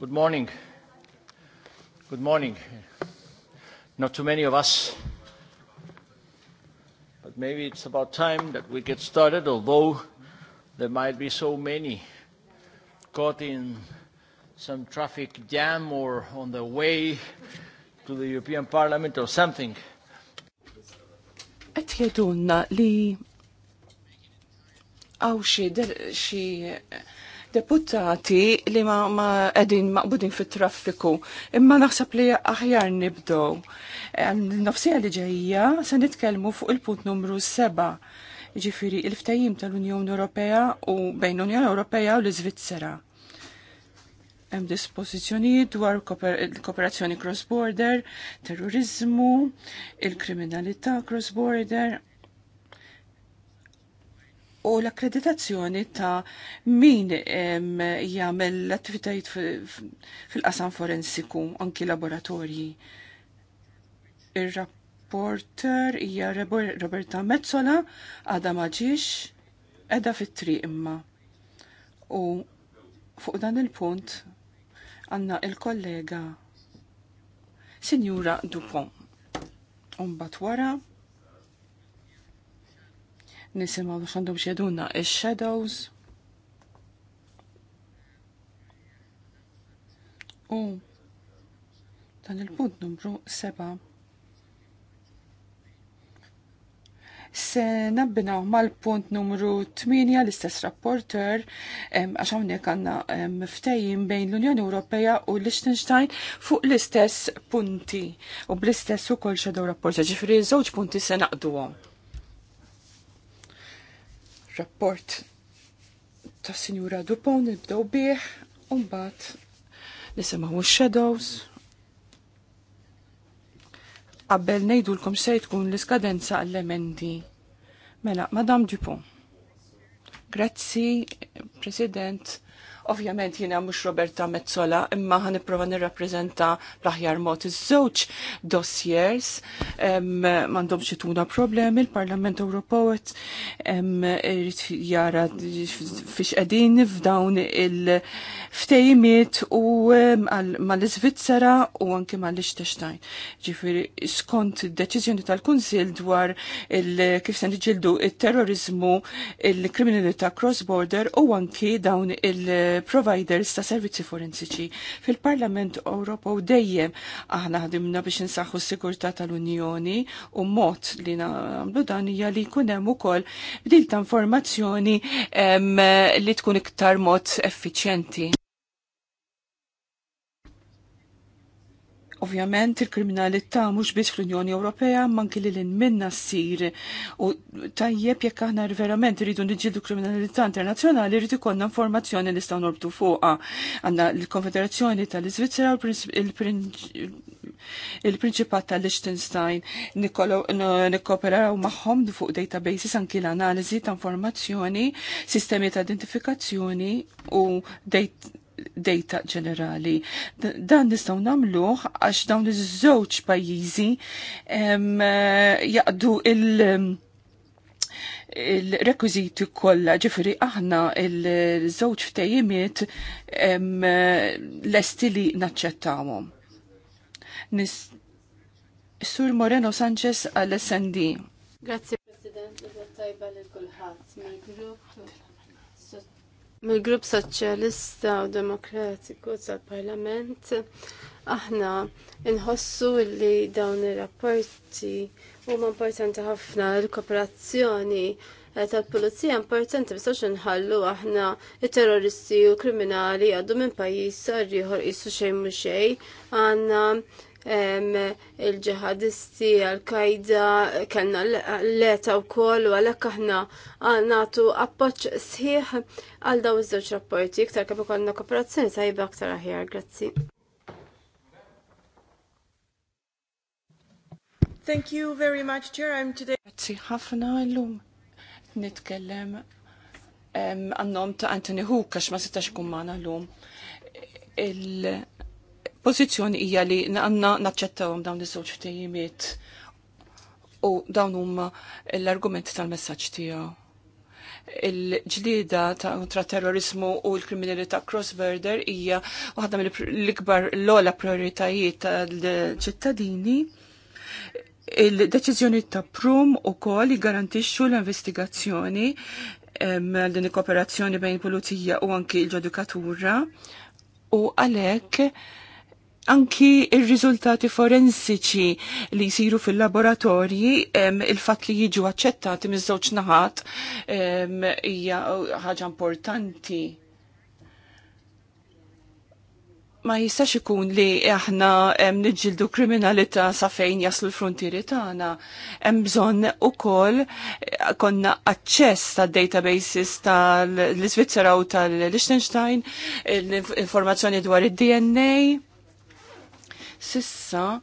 Good morning. Good morning. Not too many of us, but maybe it's about time that we get started, although there might be so many caught in some traffic jam or on the way to the European Parliament or something. Et jedunna li għaw xie deputati li ma, ma edin maqbudin fit traffiku imma naħseb li aħjar nibdow. Nafsija li ġejja se nitkellmu fuq il-punt numru 7 ġifiri il-ftajim tal-Unjoni Ewropea u bejn Unjoni Ewropea u l-Iżvizzera. Hemm dispożizzjonijiet dwar kooperazzjoni cross-border, terrorizmu, il-kriminalità cross-border, u l-akkreditazzjoni ta' min jagħmel l-attivitajiet fil-qasam forensiku anki laboratorji. Ir-rapporter hija Roberta Mezzola għadha maġiex edha fit-triq imma. U fuq dan il-punt għandna il-kollega Sinjura Dupont. Umbat wara nisimaw xandom xedunna il-shadows. U dan il-punt numru seba' se nabbinaw mal-punt numru 8 l-istess rapporter għax hawnhekk għandna miftejjin bejn l-Unjoni Ewropea u Liechtenstein fuq l-istess punti u bl-istess ukoll xedew rapporter ġifieri żewġ punti se naqduhom rapport ta' Sinjura Dupont nibdew bih, umbat nisimgħu shadows Qabel ngħidulkom se tkun l-iskadenza għall-emendi. Mela, Madam Dupont. Grazzi, President Ovvjament jiena mhux Roberta Mezzola, imma għan nipprova nirrappreżenta l-aħjar mod iż-żewġ dossiers m'għandhomx ituna problemi il-Parlament Ewropew irid jara fiex qegħdin f'dawn il-ftejmiet u mal-Iżvizzera u anke mal-Liechtenstein. Ġifieri skont deċiżjoni tal-Kunsill dwar kif se niġġieldu it-terrorizmu, il-kriminalità cross-border u anke dawn il- providers ta' servizzi forensiċi. Fil-Parlament Ewropew dejjem aħna ħadimna biex insaħħu s-sigurtà tal-Unjoni u mod li nagħmlu dan hija li jkun hemm ukoll bdil ta' informazzjoni li tkun iktar mod effiċjenti. Ovvjament il-kriminalità mhux biss fl-Unjoni Ewropea manki li lil minna ssir u tajjeb jekk aħna verament irridu niġġieldu kriminalità internazzjonali rridu ikollna informazzjoni li stgħu norbtu fuqha. Għandna l-Konfederazzjoni tal-Iżvizzera il-Prinċipat tal-Liechtenstein nikkooperaw magħhom fuq databases anki l-analiżi ta' informazzjoni, sistemi ta' identifikazzjoni u data ġenerali. Dan nistgħu nagħmluh għax dawn iż-żewġ pajjiżi jaqdu il- il-rekwiziti kollha ġifiri aħna il-żewġ ftejimiet lesti li naċċettawhom. Sur Moreno Sanchez għall-SND. Grazie President, tajba l-kulħadd mill-grupp Mill-Grupp Soċjalista u Demokratiku tal-Parlament aħna nħossu li dawn ir-rapporti huma importanti ħafna l-kooperazzjoni eh, tal-pulizija importanti bistax nħallu aħna il-terroristi u kriminali għadu minn pajis jħor jissu xejn mux xejn għanna il-ġihadisti, al kajda kanna l-leta u koll, u għalek aħna għannatu appoċ sħiħ għal daw iż-żewġ rapporti, iktar kif konna kooperazzjoni tajba aktar aħjar, grazzi. Thank you very much, Chair. I'm today. Grazzi ħafna l-lum. Nitkellem għannom ta' Anthony Hukax ma setax kumman l-lum. il pożizzjoni hija li għandna naċċettawhom dawn iż-żewġ ftehimiet u dawn huma l-argument tal-messaġġ tiegħu il-ġlida ta' kontra terrorizmu u l-kriminalità cross-border hija waħda mill-ikbar l-ola prioritajiet tal-ċittadini il-deċizjoni ta' prum u kol garantixxu l-investigazzjoni għal din kooperazzjoni bejn pulizija u anki l-ġudikatura u għalek anki il-riżultati forensiċi li jisiru fil-laboratorji il-fat li jiġu aċċettati miż-żewġ naħat hija ħaġa importanti. Ma jistax ikun li aħna niġġildu kriminalità sa fejn jaslu l-frontieri tagħna. Hemm bżonn ukoll konna aċċess tad databases tal-Iżvizzera u tal-Liechtenstein, l-informazzjoni dwar id-DNA Sissa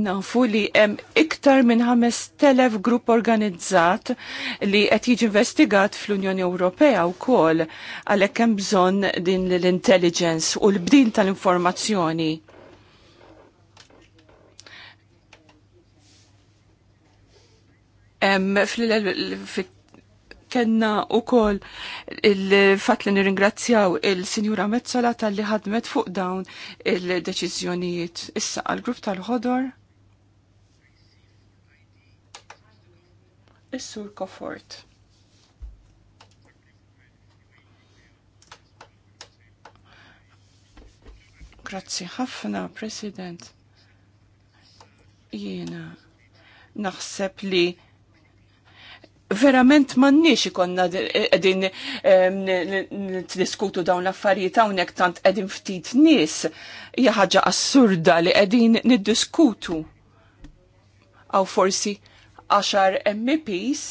nafu li hemm iktar minn 5000 grupp organizzat li qed jiġi investigat fl-Unjoni Ewropea wkoll għalhekk hemm bżonn din l-intelligence u l bdin tal-informazzjoni. Fit Kenna u kol il-fat li nirringrazzjaw il-Sinjura Mezzola tal-li ħadmet fuq dawn il-deċizjonijiet. Issa għal-grupp tal-ħodor. Is-sur Kofort. Grazzi ħafna, President. Jiena naħseb li verament mannix ikonna edin eh, ehm, diskutu dawn l-affarijiet hawnhekk tant qegħdin ftit nies hija ħaġa assurda li qegħdin niddiskutu. Aw forsi 10 MPs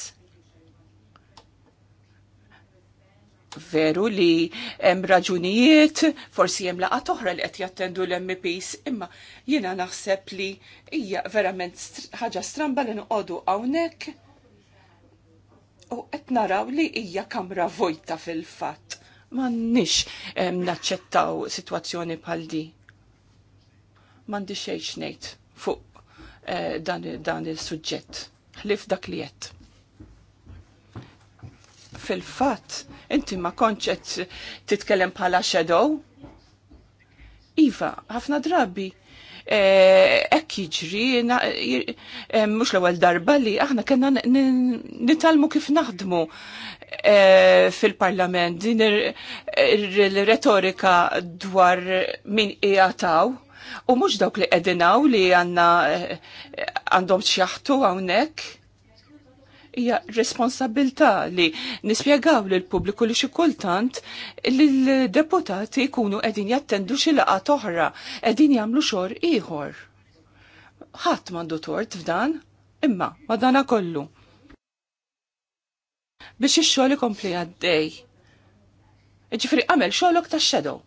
veru li hemm raġunijiet, forsi hemm laqgħa toħra li qed jattendu l-MPs, imma jiena naħseb li hija verament ħaġa stramba li noqogħdu hawnhekk u qed naraw li hija kamra vojta fil-fatt. M'għandniex naċċettaw sitwazzjoni bħal di. M'għandi xejn ngħid fuq eh, dan, dan suġġett Ħlif dak li qed. Fil-fatt, inti ma konċ qed titkellem bħala shadow. Iva, ħafna drabi Eh, ekk jiġri, eh, mux l-ewel darba li aħna kena nitalmu kif naħdmu eh, fil-parlament din il-retorika dwar min jgħataw. U mux dawk li edinaw li għanna għandhom x'jaħtu għawnek hija responsabilità li nispjegaw lil pubbliku li xi kultant l deputati jkunu qegħdin jattendu xi laqa toħra, qegħdin jagħmlu xor ieħor. Ħadd m'għandu tort f'dan, imma madana kollu. Biex ix-xogħol ikompli għaddej. Jiġifieri għamel xogħolok tax xedow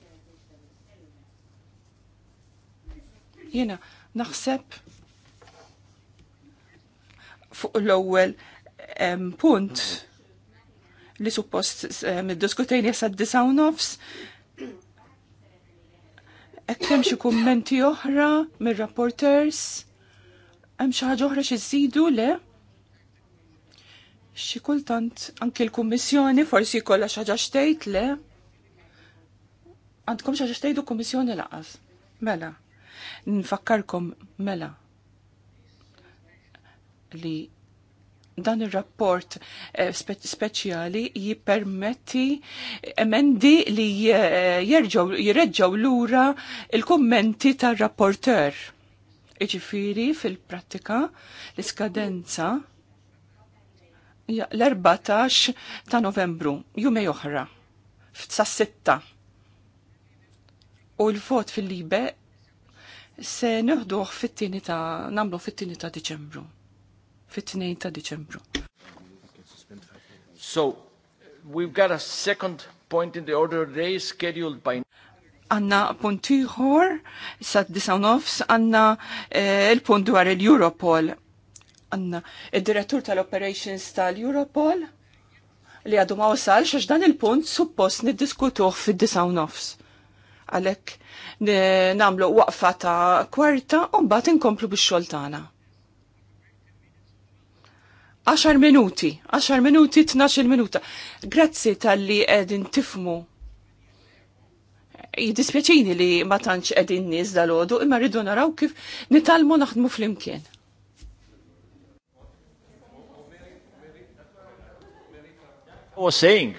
Jiena naħseb fuq l-ewwel punt li suppost diskutejni jessa d-disaw nofs. Ekkem xie kummenti oħra mir rapporters Hemm xi ħaġa oħra xi żidu le? Xi kultant anke l-Kummissjoni forsi jkollha xi ħaġa xtejt le? Għandkom xi ħaġa xtejdu kummissjoni laqas. Mela. Nfakkarkom mela li dan il-rapport eh, speċjali jippermetti emendi li l lura il-kommenti tal-rapporter. Iġifiri fil-prattika l-iskadenza l-14 ta' novembru, jume oħra, sa' sitta. U l-vot fil-libe se neħduħ fit-tini ta' namlu fit-tini ta' Deċembru fit-2 ta' Diċembru. So, we've got a second point in the order of the day scheduled by għanna puntiħor sa' disanofs għanna eh, il-punt dwar il-Europol. Għanna il-direttur tal-operations tal-Europol li għadu ma' wasalx għax dan il-punt suppost niddiskutuħ fid disanofs. Għalek namlu waqfa ta' kwarta un bat inkomplu bix-xoltana. 10 minuti, 10 minuti, 12 minuta. Grazzi tal-li edin tifmu. Jidispieċini li ma tantx edin nis dal-ħodu, imma rridu naraw kif nitalmu naħdmu fl-imkien. was saying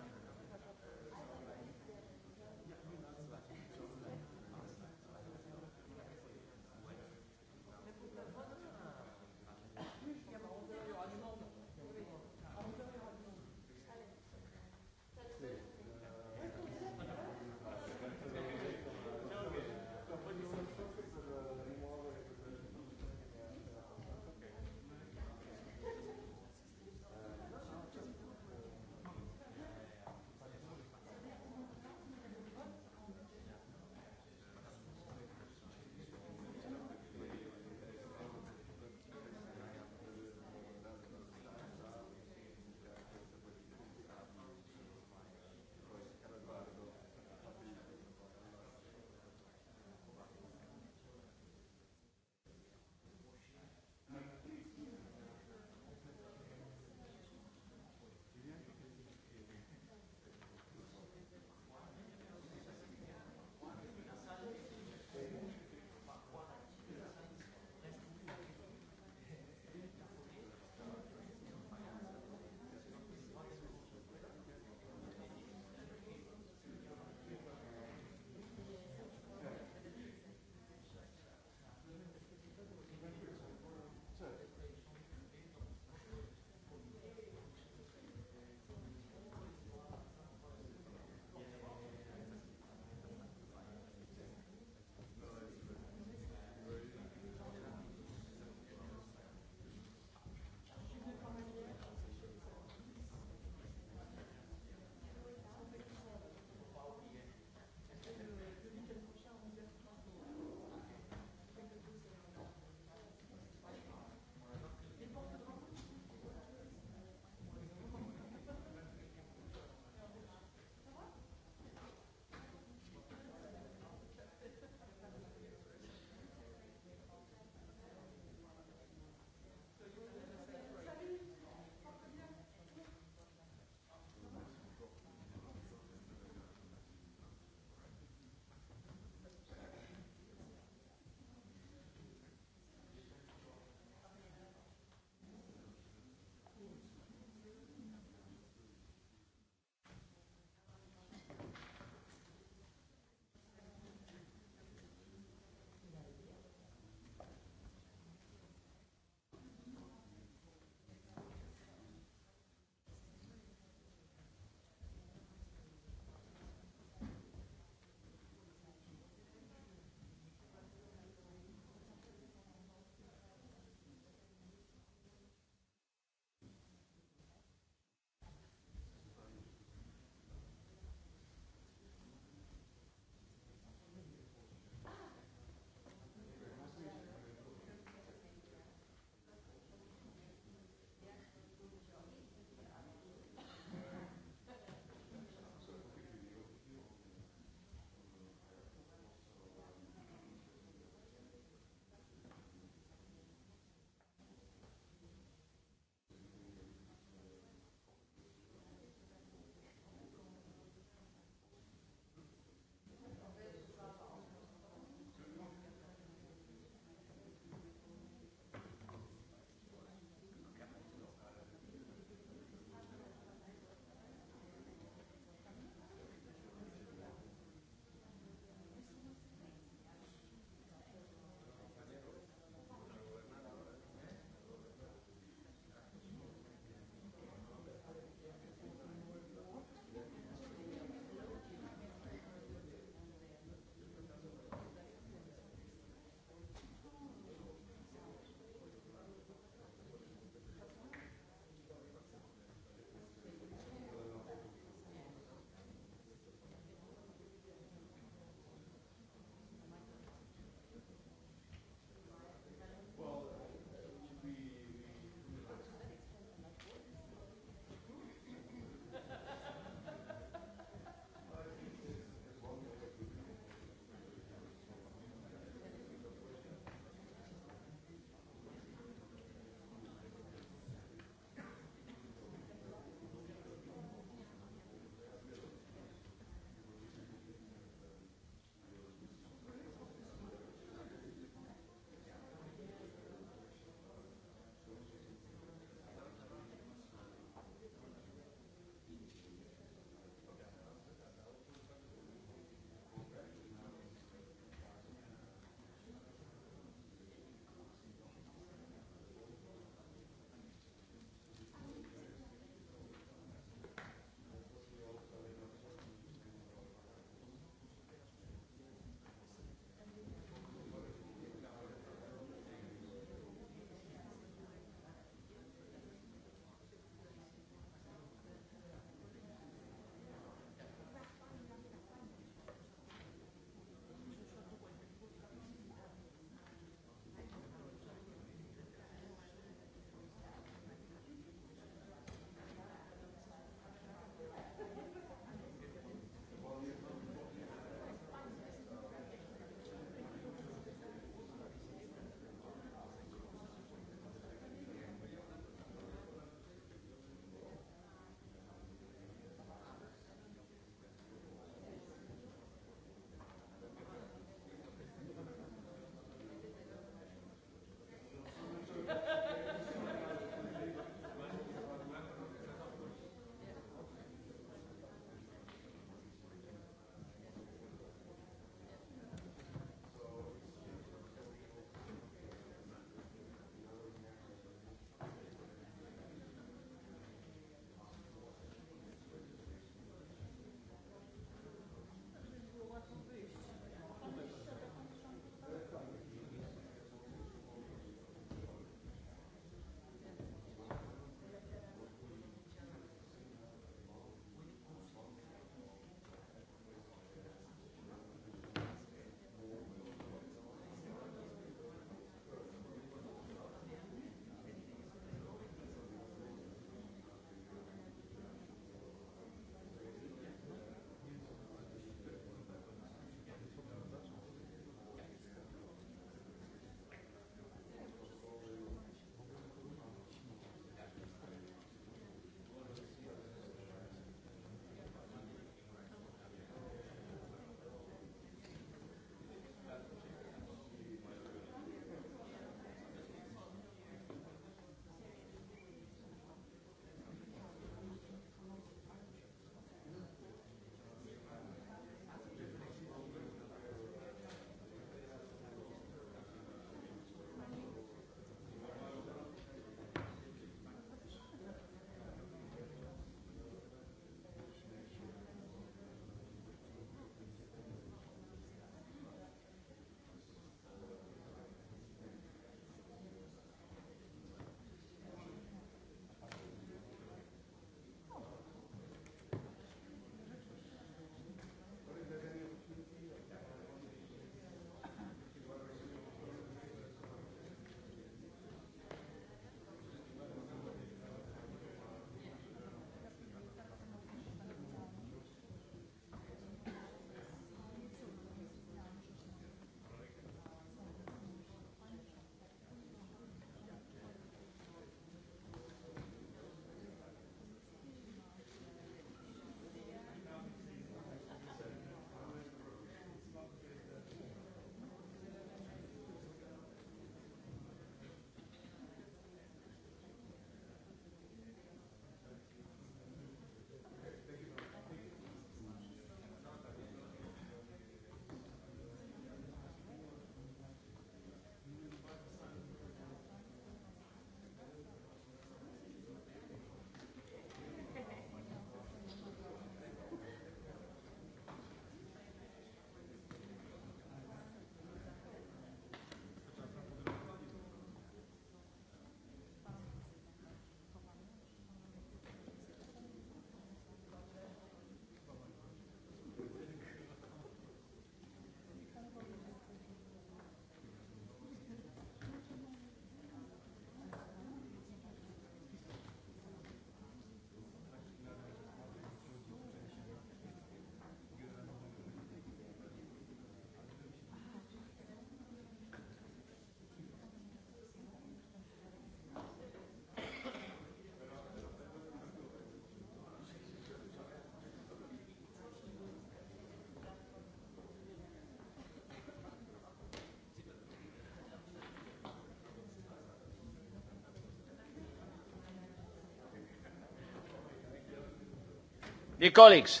Dear colleagues,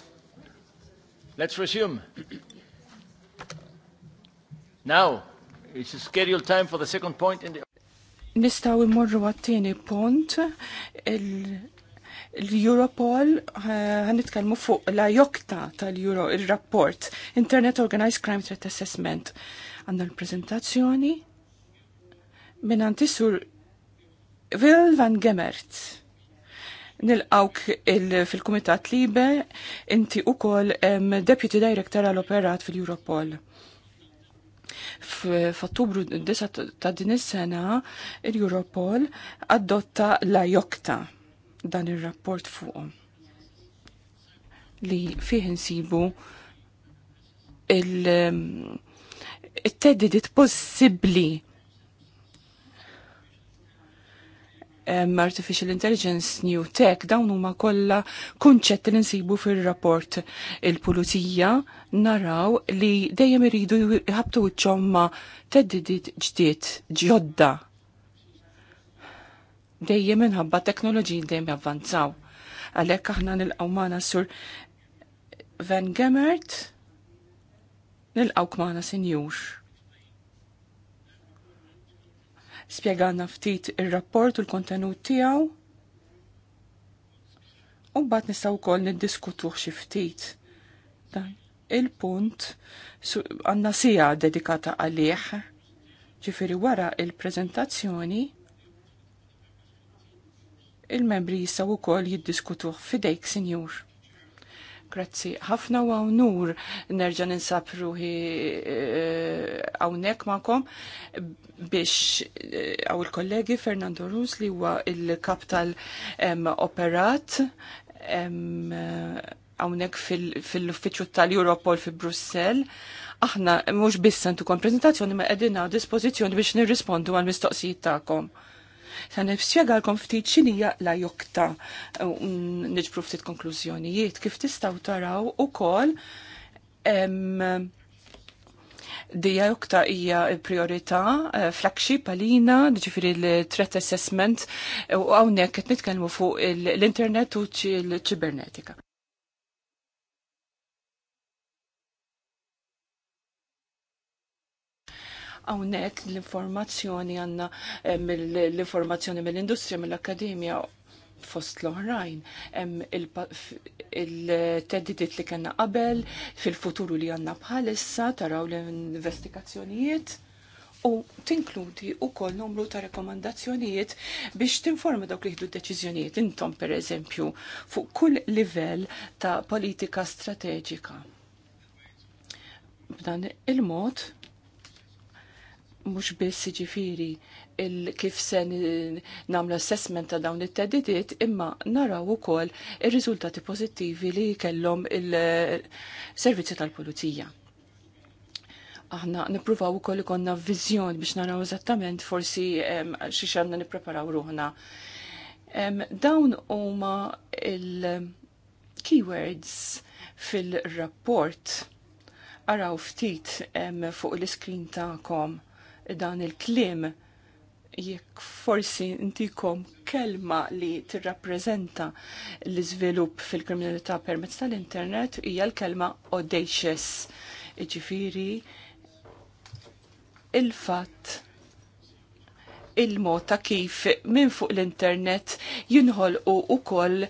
let's resume. Now, it's a scheduled time for the second point in the... Nistaw imorru għattini punt l-Europol eh, Kalmu fuq la jokta tal-Euro il-rapport Internet Organized Crime Threat Assessment. Għandna l-prezentazzjoni minn antisur Will van Gemert. Nilqawk fil-Kumitat Libe, inti u kol Deputy Director għal-Operat fil-Europol. F'Ottubru 9 ta' din is-sena, il-Europol adotta la jokta dan ir-rapport fuq li fih insibu il-teddidit possibbli um, artificial intelligence, new tech, dawn huma kollha kunċetti li nsibu fir-rapport il-pulizija naraw li dejjem iridu jħabtu ċomma teddidit ġdiet ġodda. Dejjem minħabba teknoloġiji dejjem javvanzaw. Għalhekk aħna nilqgħu magħna sur Van Gemert nilqgħu kmana sinjur. spiegana ftit il-rapport u l-kontenut tiegħu. U mbagħad nistgħu wkoll niddiskutuh xi ftit. Dan il-punt għandna sija dedikata għalih. Ġifiri wara il-preżentazzjoni il-membri jistgħu wkoll jiddiskutuh fidejk, Sinjur. Grazzi, ħafna u għawnur nerġa ninsab ruħi għawnek eh, ma'kom biex eh, għaw il-kollegi Fernando Ruz li huwa il-kap tal-operat għawnek fil-uffiċu tal-Europol fi Brussel. Aħna mux bissan tu prezentazzjoni ma' edina għad dispozizjoni biex nirrispondu għal-mistoqsijiet ta'kom. Se għalkom ftit x'inija la jokta nġbru ftit konklużjonijiet kif tistgħu taraw ukoll Dija jukta hija priorità eh, flagship palina, ġifiri l-threat assessment u għawnek qed nitkellmu fuq l-internet u l-ċibernetika. Hawnhekk l-informazzjoni għandna eh, l-informazzjoni mill-industrija, mill-akkademja fost l-oħrajn, il teddidit li kena qabel, fil-futuru li għanna bħalissa, taraw l-investigazzjonijiet, u tinkludi u koll numru ta' rekomandazzjonijiet biex tinforma dawk li jihdu deċizjonijiet intom per eżempju fuq kull livell ta' politika strateġika. B'dan il-mod mux biss ġifiri kif se namlu assessment ta' dawn it teddidiet imma naraw ukoll il riżultati pożittivi li kellom il-servizzi tal-pulizija. Aħna nippruvaw ukoll ikonna vizjon biex naraw eżattament forsi xi xemna nippreparaw ruħna. Dawn huma il-keywords fil-rapport araw ftit fuq l-iskrin ta'kom. kom dan il-klim jekk forsi intikom kelma li tirrappreżenta l-iżvilupp fil-kriminalità permezz tal-internet hija l-kelma audacious. Ġifiri, il-fatt il-mod ta' kif minn fuq l-internet jinħolqu koll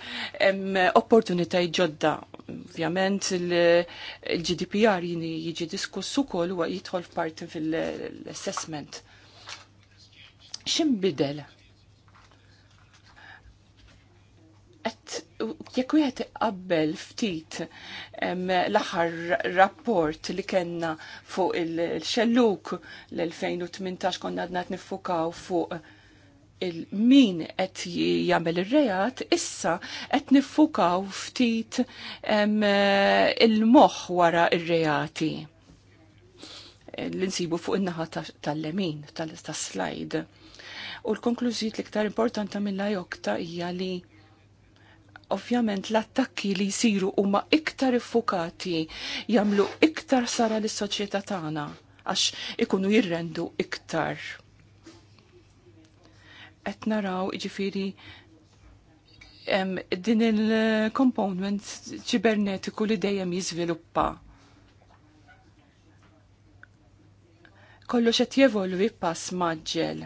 opportunitajiet ġodda Ovvjament il-GDPR jini jiġi diskussu kol u jidħol f'parti fil-assessment. ċim bidel? jekk wieħed iqabbel ftit l-aħħar rapport li kellna fuq il-xelluk l-2018 konna għadna nifukaw fuq il-min qed jagħmel ir-reat issa qed niffukaw ftit il-moħħ wara ir-reati l-insibu fuq in-naħa tal-lemin tal-slide. U l-konklużijiet l-iktar importanti mill jokta hija li ovvjament l-attakki li jsiru huma iktar iffukati jagħmlu iktar sara lis-soċjetà tagħna għax ikunu jirrendu iktar qed naraw ġifiri din il-component ċibernetiku li dejjem jiżviluppa. Kollox qed jevolvi pass maġġel.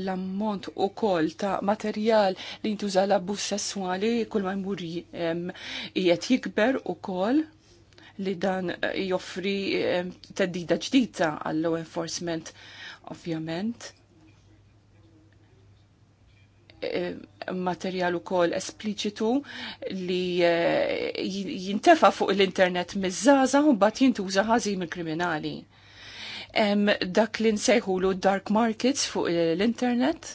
l-ammont u kol ta' materjal li jintuża l-abbuż sessuali kull ma jmur jiet jikber u kol li dan eh, joffri teddida ġdida għall-law enforcement ovvjament eh, materjal u kol espliċitu li eh, jintefa fuq l-internet mizzaza u bat jintuża ħażin kriminali. Dak li nsejħulu dark markets fuq l-internet,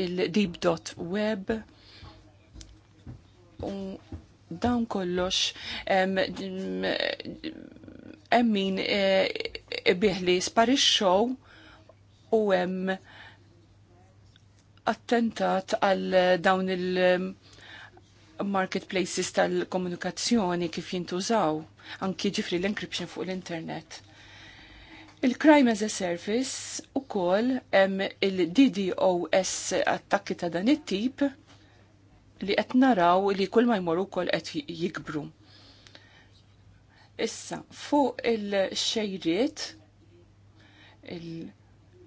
il-deep.web u dawn kollox emmin e, e, biħli sparixxow u hemm attentat għal dawn il-marketplaces tal-komunikazzjoni kif jintużaw, anki ġifri l-encryption fuq l-internet. Il-Crime as a Service u kol hemm il-DDoS attakki ta' dan it-tip li qed naraw li kull ma jmorru wkoll qed jikbru. Issa, fuq il-xejriet,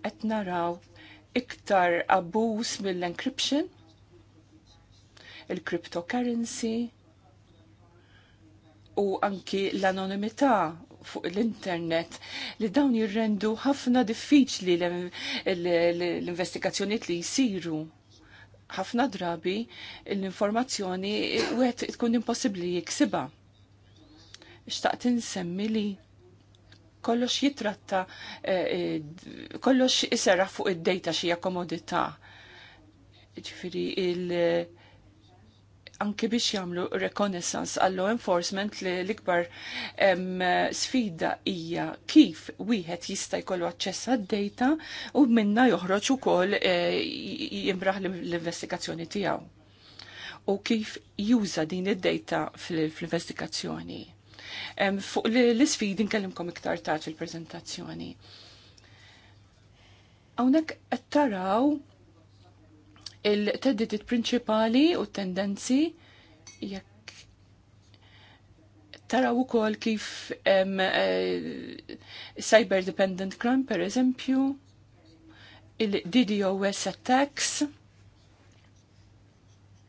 qed naraw iktar abbuż mill-encryption, il-cryptocurrency, u anki l-anonimità fuq l-internet li dawn jirrendu ħafna diffiċli l-investigazzjoniet li jisiru. ħafna drabi l-informazzjoni u tkun impossibli jiksiba xtaqt insemmi li kollox jitratta, eh, eh, kollox iserra fuq id-dejta xija komodità. Ġifiri, il- anki biex jamlu reconnaissance għall law enforcement li l-ikbar sfida hija kif wieħed jista' jkollu aċċess għad dejta u minna joħroġ ukoll eh, jimbraħ l-investigazzjoni tiegħu. U kif juża din id dejta fl-investigazzjoni. Fuq l sfid nkellimkom iktar tard fil-prezentazzjoni. Hawnhekk qed taraw il teddit prinċipali u tendenzi jekk taraw ukoll kif um, cyber dependent crime per eżempju il-DDoS attacks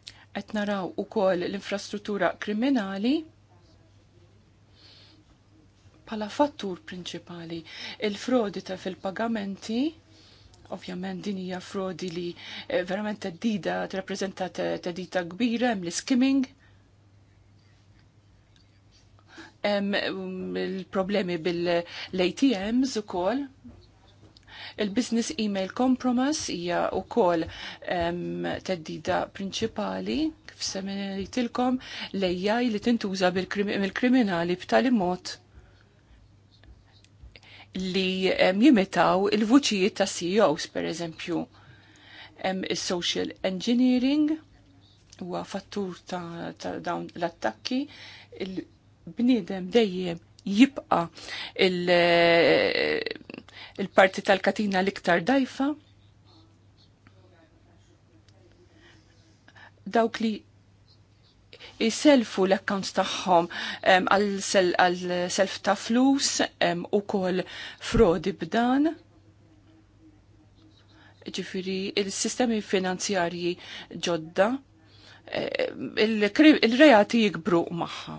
qed naraw ukoll l-infrastruttura kriminali pala fattur prinċipali. Il-frodi ta' fil-pagamenti, ovvjament din hija frodi li eh, verament teddida tirrappreżenta teddida kbira hemm l-skimming. Hemm mm, il-problemi bil-ATMs ukoll. Il-business email compromise hija wkoll teddida prinċipali kif semenitilkom lejjaj li tintuża mill-kriminali b'tali mod li jimitaw il-vuċijiet ta' CEOs, per eżempju. Il-social engineering huwa fattur ta', ta dawn l-attakki. Il-bnidem dejjem jibqa il-parti il tal-katina l-iktar dajfa. Dawk li jiselfu l-accounts tagħhom għal-self ta' flus u kol frodi b'dan. Ġifiri, il-sistemi finanzjarji ġodda, eh, il-reati jikbru maħħa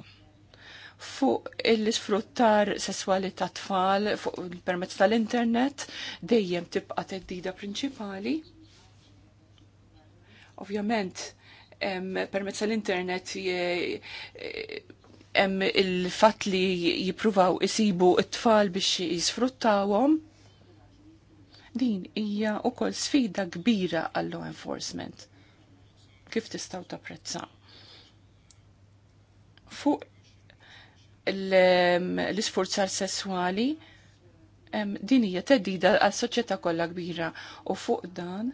fuq l-isfruttar sessuali ta' tfal fuq il-permezz tal-internet dejjem tibqa' teddida prinċipali. Ovvjament permezz tal-internet hemm il-fatt li jippruvaw isibu it-tfal biex jisfruttawhom. Din hija wkoll sfida kbira għall law enforcement. Kif tistgħu tapprezza? Fuq l-isforzar sesswali din hija teddida għas soċjetà kollha kbira u fuq dan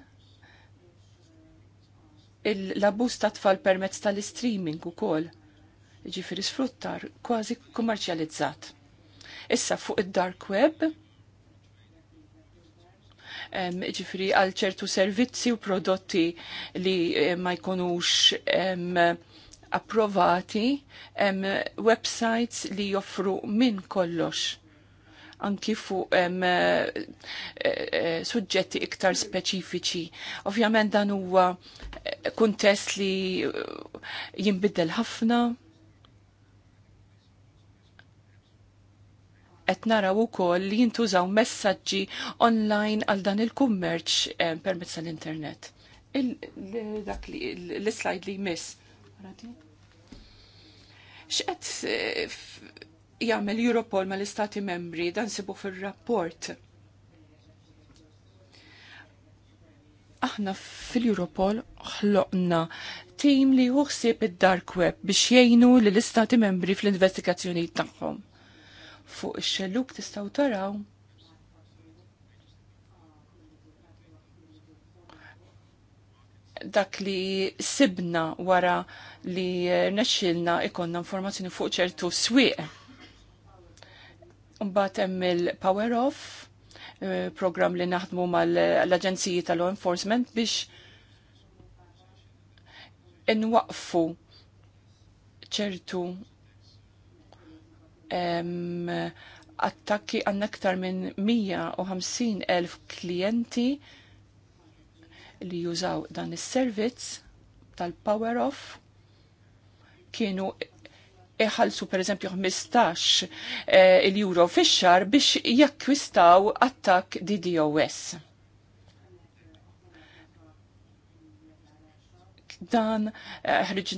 l-abbuż ta' tfal permezz tal-streaming ukoll. Ġifiri sfruttar kważi kummerċjalizzat. Issa fuq id-dark web, ġifiri għal ċertu servizzi u prodotti li eh, ma jkunux approvati, websites li joffru minn kollox anki fuq eh, eh, eh, suġġetti iktar speċifiċi. Ovvjament dan huwa kuntest li jinbidel ħafna. qed naraw ukoll li jintużaw messaġġi online għal dan il-kummerċ permezz tal-internet. Dak li l-slide li jmiss. X'qed jagħmel Europol mal-Istati Membri dan sibu fir-rapport. aħna fil-Europol ħloqna tim li huħsib id-dark web biex jgħinu l istati membri fl-investigazzjoni tagħhom. Fuq ix-xelluk tistgħu taraw dak li sibna wara li nexxilna ikonna informazzjoni fuq ċertu swieq Mbagħad hemm il-Power Off, eh, program li naħdmu mal-Aġenziji tal-Law Enforcement biex inwaqfu ċertu attakki għanna aktar minn 150 elf klienti li jużaw dan is servizz tal-power off kienu iħalsu per eżempju 15 eh, il-euro fix-xar biex jakkwistaw attak DDoS. Dan eh, ħriġ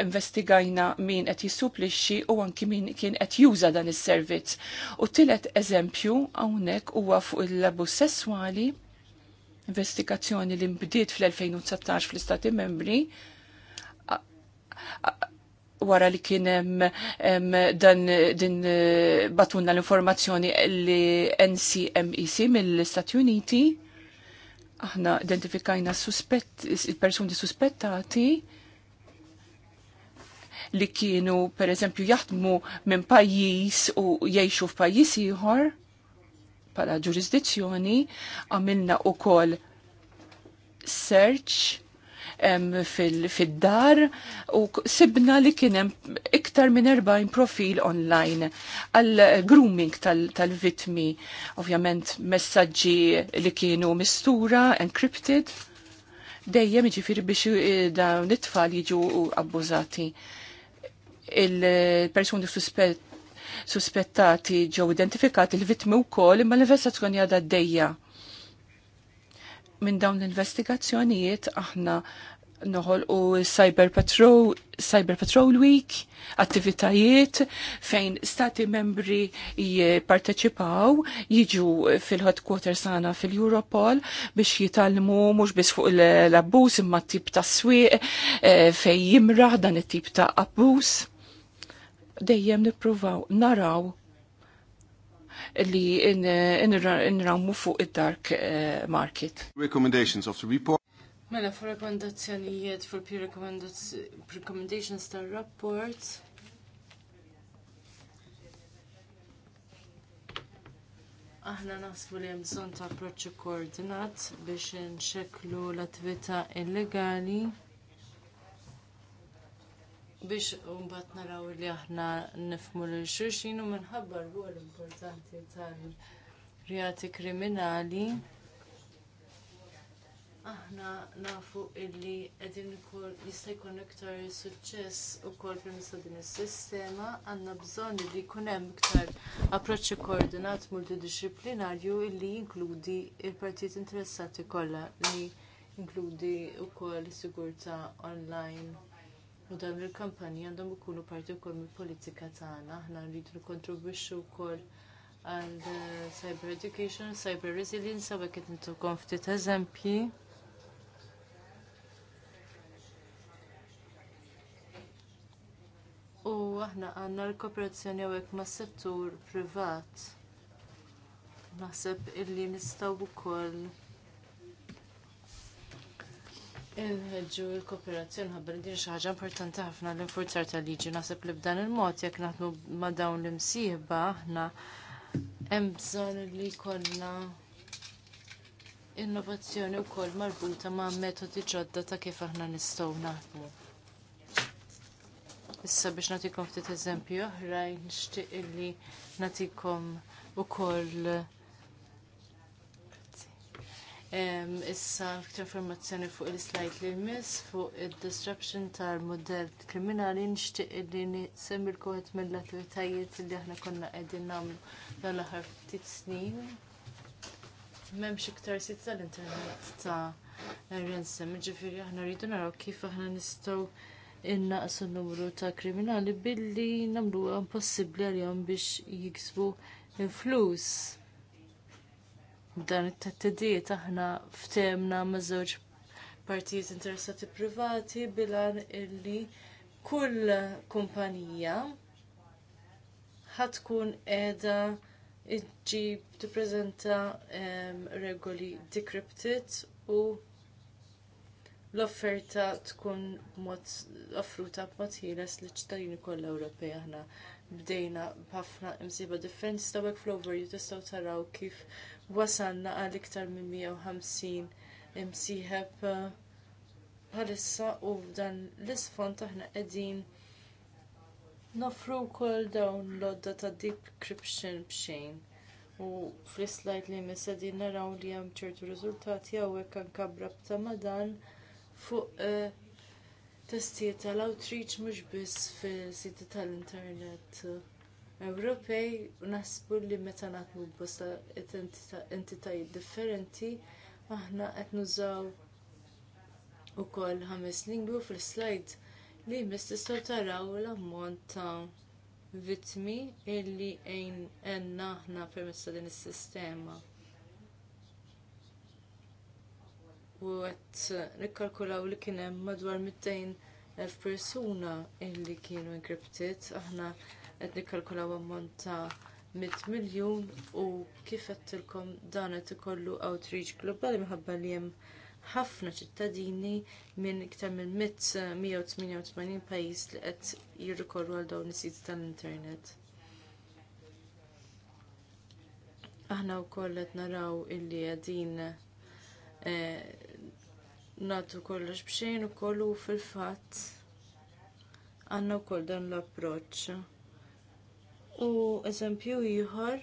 investigajna min qed jissuplixxi u anki min kien qed juża dan is-servizz. U tielet eżempju hawnhekk huwa fuq il abbuż sesswali investigazzjoni li mbdiet fl-2019 fl-Istati Membri wara li kien hemm dan din eh, batunna l-informazzjoni li NCMEC mill-Istati Uniti aħna identifikajna suspett, il-persuni suspettati li kienu per eżempju jaħdmu minn pajjiż u jgħixu f'pajjiż ieħor bħala ġurisdizzjoni għamilna ukoll search fil-dar u sibna li kienem iktar minn 40 profil online għal grooming tal-vitmi. Tal Ovvjament messaġġi li kienu mistura, encrypted, dejjem ġifiri biex eh, dawn it-tfal jiġu abbużati. Il-persuni suspettati ġew identifikati il-vitmi vittmi wkoll imma l-investigazzjoni għadha d Minn dawn l-investigazzjonijiet aħna noħol u Cyber Patrol, Cyber Patrol Week, attivitajiet fejn stati membri jipparteċipaw, jiġu fil-headquarter sana fil-Europol biex jitalmu mux biex fuq l-abbus imma tip ta' swieq eh, fej jimraħ dan it-tip ta' abbus. Dejjem nipruvaw naraw li nrammu fuq id-dark eh, market. Recommendations of the report Mela, fu rekomendazzjonijiet, fu recommendations tal-rapport. Aħna nasbu li hemm bżonn ta' approċċ koordinat biex nxeklu l-attività illegali biex umbat naraw li aħna nifmu lil xulxin u minħabba l-għol importanti tal rijati kriminali aħna nafu illi qegħdin ukoll jista' jkun iktar suċċess ukoll permezz ta' din is-sistema għandna bżonn li jkun hemm iktar approċċi koordinat multidixxiplinarju illi jinkludi l partit interessati kollha li inkludi wkoll kol sigurtà online. U dan il-kampanji għandhom ikunu parti wkoll mill-politika tagħna, aħna rridu u wkoll għal eh, cyber education, cyber resilience, għabek qed konfti ftit eżempji. u aħna għandna l-kooperazzjoni għawek mas settur privat. Naħseb illi nistgħu wkoll Inħedġu l-kooperazzjoni ħabbar din xi ħaġa importanti ħafna l-infurzar tal-liġi naħseb li b'dan il-mod jekk naħdmu ma' dawn l-imsieħba aħna hemm bżonn li jkollna innovazzjoni wkoll marbuta ma' metodi ġodda ta' kif aħna nistgħu naħdmu. Issa biex natikom ftit eżempju oħra, nixtieq illi natikom ukoll issa ftit informazzjoni fuq il-slajt li jmiss fuq id-disruption tal-modell kriminali nixtieq illi il qed mill-attivitajiet li aħna konna qegħdin nagħmlu l-aħħar ftit snin. M'hemmx iktar sit tal-internet ta' ransom, ġifieri aħna rridu naraw kif aħna nistgħu innaqs n-numru ta' kriminali billi nagħmluha impossibbli għalihom biex jiksbu flus. Dan it-tattidiet aħna ftemna ma' żewġ partijiet interessati privati bilan illi kull kumpanija ħatkun edha iġġib tippreżenta ehm, regoli decrypted u l-offerta tkun mod offruta b'mod ħieles li ċittadini kollha Ewropej aħna bdejna b'ħafna imsiba differenti stawek fl-overview tistgħu taraw kif wasalna għal iktar minn 150 imsieħeb eh, bħalissa u f'dan l-isfond aħna qegħdin Nofru wkoll dawn l-odda ta' decryption bxejn. U fl-slide li messa din naraw li hemm ċertu riżultati hawnhekk anke brabta ma' dan fuq eh, testijiet tal-outreach mhux biss fil-siti tal-internet Ewropej u naħsbu li meta naħdmu bosta entitajiet differenti aħna qed nużaw ukoll ħames lingwi fil-slide li jmiss tistgħu taraw l-ammont ta' vittmi illi għenna aħna permezz din is-sistema. u għet nikkalkulaw li kienem madwar 200.000 persuna illi kienu inkriptit, aħna għet nikkalkulaw ammont ta' 100 miljon u kif għettilkom dan għet ikollu outreach globali minħabba li jem ħafna ċittadini minn iktar minn 188 pajis li qed jirrikollu għal dawn is-sit tal-internet. aħna wkoll qed naraw illi għedin eh, natu kollox bxejn u kollu fil fat għanna u koll dan l-approċ. U eżempju ieħor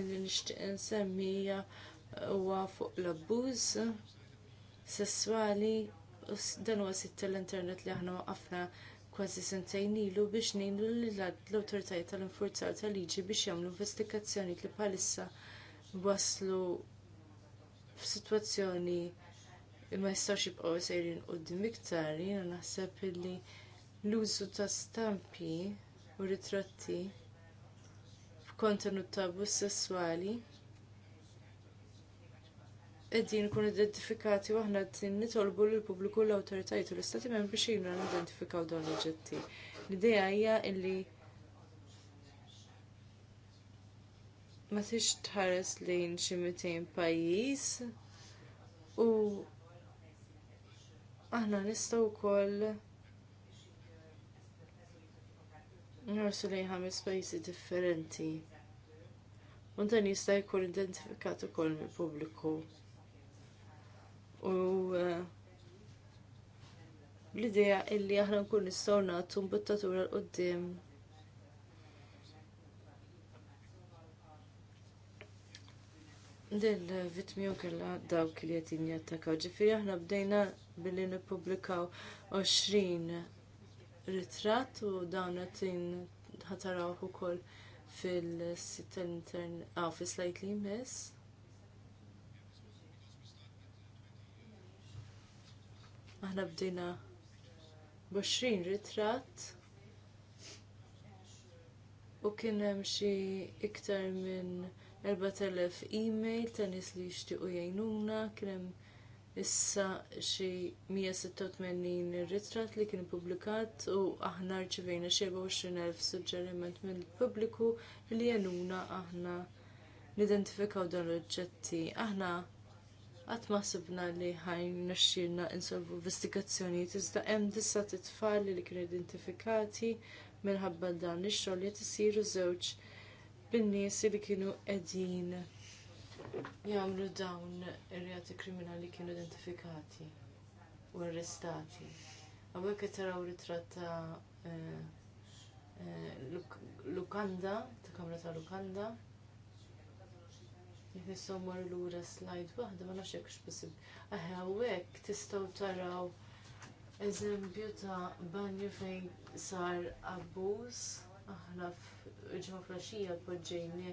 illi nixtieq insemmija huwa fuq l-abbuż sesswali u dan huwa sitt l-internet li aħna waqafna kważi sentejn ilu biex ngħidu l-awtoritajiet tal-infurzar tal-liġi biex jagħmlu investigazzjoni li bħalissa waslu f'sitwazzjoni ma jistax jibqgħu sejrin quddiem iktar, jiena naħseb li l-użu ta' stampi u ritratti f'kontenut ta' abbuż sesswali qegħdin ikunu identifikati u aħna nitolbu lill pubbliku l-awtoritajiet l-istati membri biex jgħinuna nidentifikaw dawn l-oġġetti. L-idea hija li ma tix tħares lejn xi pajis pajjiż u aħna nistaw wkoll nħarsu lejn ħames pajjiżi differenti. U dan jista' jkun identifikat ukoll mill-pubbliku. U eh, l-idea illi aħna nkun nistgħu nagħtu mbuttatura l qoddim Lill-vitmi u kella dawk li qed jattakaw. Ġifiri aħna bdejna billi nippubblikaw 20 ritratt u dawn qed ħataraw ukoll fil-sit internet. ah fil-slajt li Aħna bdejna b'20 ritratt u kien hemm xi iktar minn 4000 email ta' nies li jixtiequ jgħinuna, kien hemm issa xi 186 ritratt li kien publikat u aħna rċivejna xi 24000 suġġeriment mill-pubbliku li jgħinuna aħna nidentifikaw dan l-oġġetti. Aħna qatt ma ħsibna li ħajn nixxilna insolvu investigazzjonijiet iżda hemm disa tfal li kienu identifikati minħabba dan ix-xogħol isiru żewġ bin-nies li kienu qegħdin jagħmlu dawn ir-reati kriminali kienu identifikati u arrestati. Għawek qed taraw ritratt ta' eh, eh, Lukanda, ta' kamra ta' Lukanda. Jek nistgħu mar lura slide waħda ma nafx hekk x'possibbli. Aħe hawnhekk tistgħu taraw eżempju ta' banju fejn sar abbuż aħna f ġimgħa flaxija poġġejni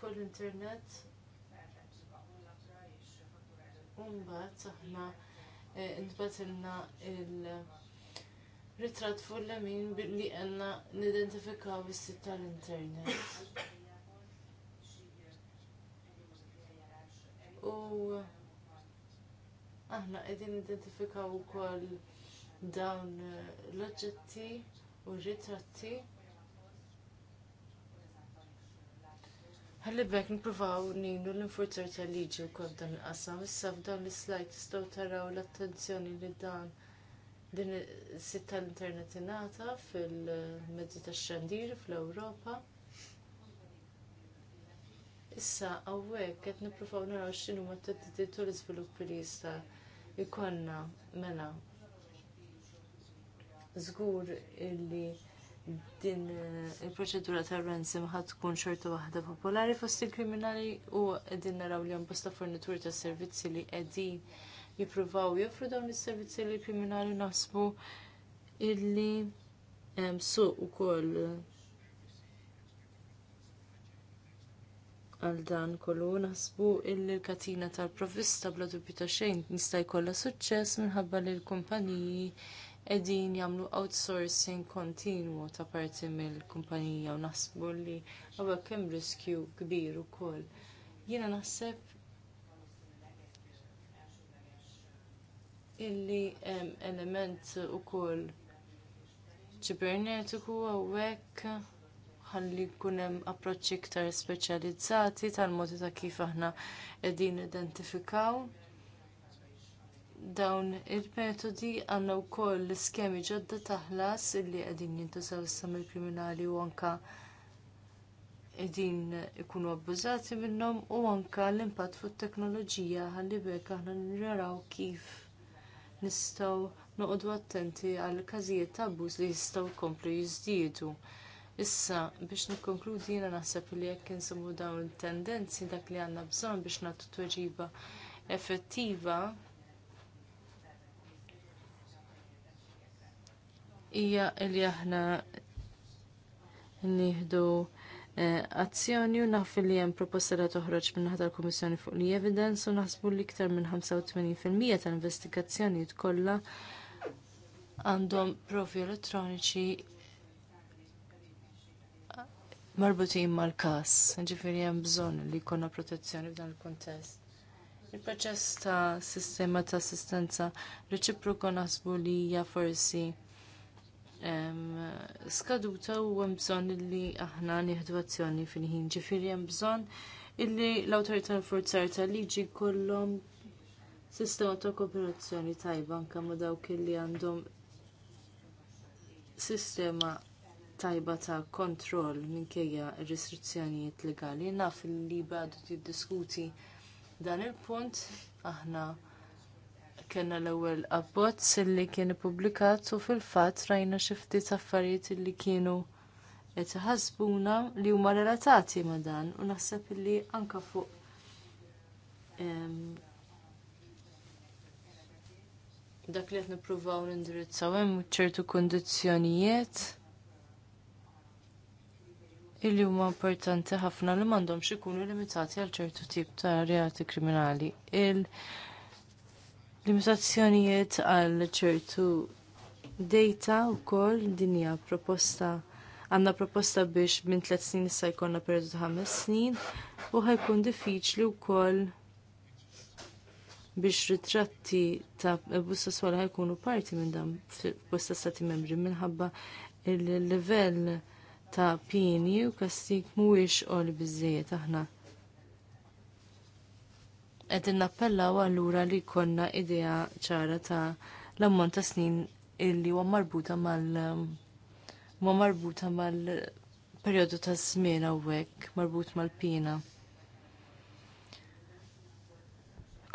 fuq l-internet. u mbagħad aħna eh, nbatilna il-ritratt fuq l-amin billi għandna nidentifikaw is-sit tal-internet. U aħna qegħdin identifikaw ukoll dawn l-oġġetti u r ritratti Għalli bekk nipruvaw ninu l-infurzar tal-liġi u kol dan il-qasam. Issa f'dan l-slajt istaw taraw l-attenzjoni li dan din sitta l-internet inata fil-mezzi tax xandir fl-Ewropa. Issa għawek qed nippruvaw naraw x'inhu ma t u l-iżviluppi li jista' jkollna mela. Żgur illi din eh, il-proċedura ta' ransom ħad tkun xorta waħda popolari fost il-kriminali u qegħdin naraw li bosta fornitur ta' servizzi li qegħdin jippruvaw joffru dawn is-servizzi li kriminali naħsbu illi suq ukoll eh, għal dan kollu naħsbu illi l-katina tal provista bla dubju ta' xejn nista' jkollha suċċess minħabba li l-kumpaniji edin jamlu outsourcing kontinwu ta' parti mill-kumpanija u nasbu li għabba kem riskju kbir u koll. Jina naħseb illi hemm element u koll ċibernetiku għawek ħalli kunem approċċi iktar speċjalizzati tal-modi ta' kif aħna edin identifikaw dawn il-metodi għandna wkoll l-iskemi ġodda taħlas illi qegħdin jintużaw issa mill-kriminali u anke qegħdin ikunu abbużati minnhom u anke l-impatt fuq it teknoloġija ħalli bekk aħna naraw kif nistgħu noqogħdu attenti għal każijiet ta' abbuż li jistgħu jkomplu jiżdiedu. Issa biex nikkonkludi jiena naħseb li jekk insumu dawn it tendenzi dak li għandna bżonn biex nagħtu tweġiba effettiva hija li aħna nieħdu eh, azzjoni u naf li hemm proposta li toħroġ minn ħadd tal-Kummissjoni fuq li evidence u naħsbu li iktar minn 85% tal-investigazzjoni kollha għandhom provi elettroniċi marbutin mal-kas, ġifiri hemm bżonn li jkollna protezzjoni f'dan il-kuntest. Il-proċess ta' sistema ta' assistenza reċipru naħsbu li hija forsi skaduta u hemm bżonn li aħna nieħdu azzjoni fil-ħin. ġifiri hemm bżonn illi l-awtorità forzar tal-liġi jkollhom sistema ta' kooperazzjoni tajba anke ma' dawk illi għandhom sistema tajba ta' kontroll minkejja r restrizzjonijiet legali. Naf li badu tiddiskuti dan il-punt aħna kena l-ewwel abbozz illi kien ippubblikat u fil-fatt rajna xi ftit affarijiet li kienu qed iħassbuna li huma relatati ma' dan u naħseb li anke fuq ehm, dak li qed nippruvaw nindirizzaw hemm ċertu kundizzjonijiet illi huma importanti ħafna li m'għandhomx ikunu limitati għal ċertu tip ta' reati kriminali. Il limitazzjonijiet għal ċertu data u kol dinja proposta għanna proposta biex minn 3 snin issa jkollna periodu ta' 5 snin u ħajkun diffiċli wkoll biex ritratti ta' abbuż sessuali ħajkunu parti minn dan f'bosta stati membri minħabba il-livell ta' pini u kastik mhuwiex qoli biżejjed aħna Qed nappellaw allura li jkollna idea ċara ta' l-ammont ta' snin illi huwa marbuta mal um, huwa marbuta mal perjodu ta' żmien hawnhekk marbut mal-pina.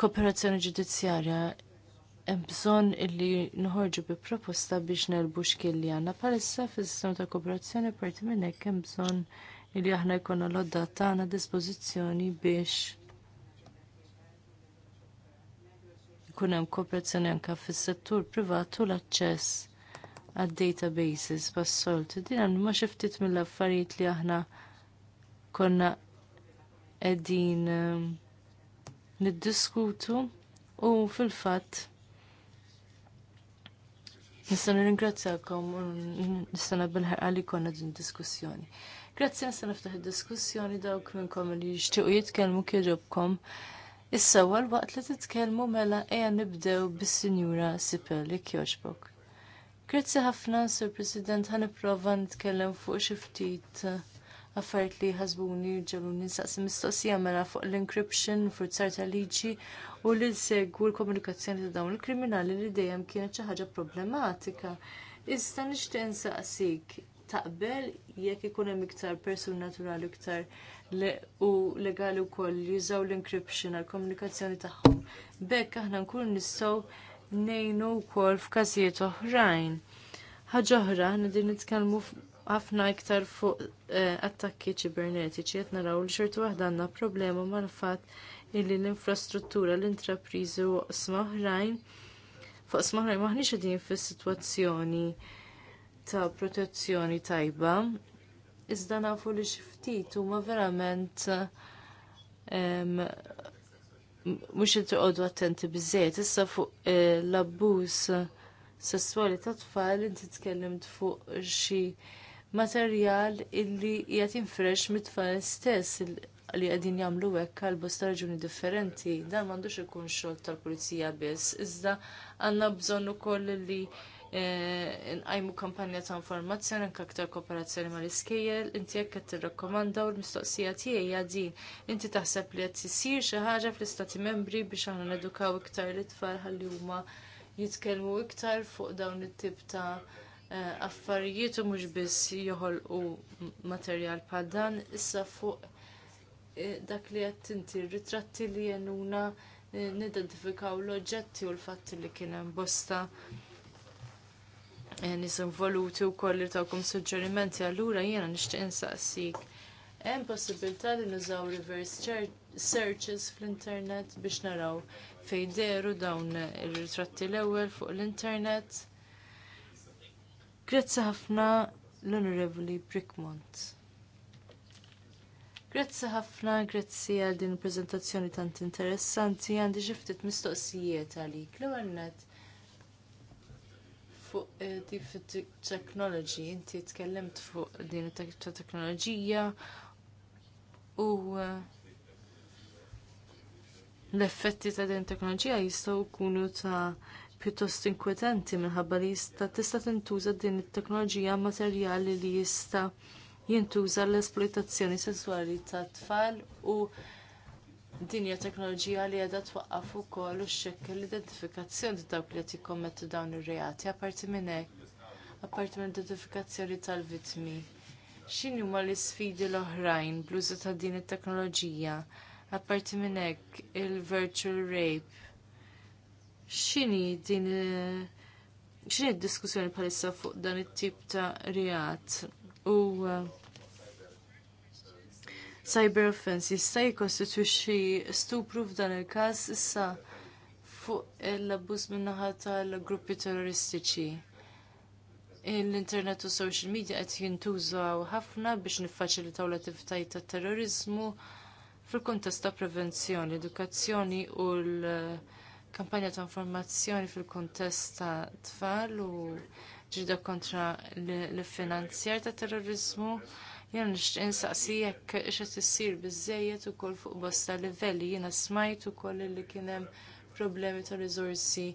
Kooperazzjoni ġudizzjarja hemm bżonn illi nħorġu bi proposta biex nelbu xkien li għandna bħalissa fis-sistema ta' kooperazzjoni parti minn hekk hemm bżonn illi aħna jkollna l-oddat tagħna dispożizzjoni biex jkun hemm kooperazzjoni anke fis-settur privat u l-aċċess għad-databases bas-solt. Din ma xi ftit mill-affarijiet li aħna konna qegħdin ehm, niddiskutu u fil-fatt Nistan ringrazzjakom, nistan bil ħarqali li konna din diskussjoni. Grazzi nistan niftaħ id-diskussjoni dawk minnkom li jixtiequ jitkellmu kieġobkom Issa għal waqt li titkellmu mela eja nibdew bis-Sinjura Sipelli Kjoċbok. Grazzi ħafna, Sir President, ħan iprofa nitkellem fuq xi ftit eh, affarijiet li ħasbuni ġelu ninsaqsi mistoqsija mela fuq l-encryption, forzar ta' liġi u li segwu l-komunikazzjoni ta' dawn il-kriminali li dejjem kienet xi ħaġa problematika. Issa nixtieq nsaqsik, taqbel jekk ikun hemm iktar persuni naturali iktar u legali wkoll jużaw l-encryption għall komunikazzjoni tagħhom. Bekk aħna nkunu nistgħu ngħinu wkoll f'każijiet oħrajn. Ħaġa oħra aħna din nitkellmu ħafna iktar fuq eh, attakki ċibernetiċi qed naraw li xorta waħda għandna problema mal-fatt illi l-infrastruttura l-intrapriżi u oqsma oħrajn fuq oqsma oħrajn maħniex qegħdin fis-sitwazzjoni ta' protezzjoni tajba, iżda nafu li xi ftit huma verament mhux intiqodu attenti biżejjed issa fuq eh, l-abbuż sesswali ta' tfal inti tkellimt fuq xi materjal illi qiegħed jinfresh mit-tfal stess li għedin jamlu hekk għal bosta raġuni differenti, dan m'għandux ikun xogħol tal-pulizija biss, iżda għandna bżonn ukoll li Eh, nqajmu kampanja ta' informazzjoni anke aktar kooperazzjoni mal-iskejjel, inti jekk qed tirrakkomanda u l-mistoqsija tiegħi din. Inti taħseb li qed isir xi ħaġa fl-Istati Membri biex aħna nedukaw iktar l-itfal ħalli huma jitkellmu iktar fuq dawn it-tip ta' eh, affarijiet u mhux biss joħolqu materjal bħal dan, issa fuq eh, dak li qed inti ritratti li jenuna nidentifikaw l-oġġetti u l fatti li kien hemm bosta Eh, nis involuti wkoll li tawkom suġġerimenti allura jiena nixtieq insaqsik. Hemm possibilità li nużaw reverse searches fl-internet biex naraw fejn dehru dawn ir-ritratti l-ewwel fuq l-internet. Grazzi ħafna l-Onorevoli Brickmont. Grazzi ħafna, grazzi għal din il-prezentazzjoni tant interessanti, għandi ġiftit mistoqsijiet għalik. L-ewwel nett fuq eh, dik fit-teknoloġi, inti tkellimt fuq din it-teknoloġija u eh, l-effetti ta' din teknoloġija jistgħu jkunu ta' pjuttost inkwetanti minħabba li jista' tista' tintuża din it-teknoloġija materjali li jista' jintuża l-esploitazzjoni sesswali ta' tfal u dinja teknoloġija li għedha twaqqaf ukoll u xekkel l-identifikazzjoni ta' dawk li qed jikkommettu dawn ir-reati apparti minn hekk, apparti minn identifikazzjoni tal-vittmi. X'inhi huma l-isfidi l-oħrajn bl-użu ta' din it-teknoloġija? Apparti minn hekk il-virtual rape. X'inhi din x'inhi d-diskussjoni bħalissa fuq dan it-tip ta' reat? U cyber offense jista' jikkostitwixxi stupru f'dan il-każ issa fuq l-abbuż min-naħa tal-gruppi terroristiċi. L-internet u social media qed jintużaw ħafna biex niffaċilitaw l-attivitajiet tat-terrorizmu fil-kuntest ta' prevenzjoni, edukazzjoni u l-kampanja ta' informazzjoni fil-kuntest ta' tfal u ġrida kontra l-finanzjar ta' terrorizmu. Jena nixtieq insaqsi jekk x'qed issir biżejjed ukoll fuq bosta livelli. Jiena smajt ukoll li kien hemm problemi ta' riżorsi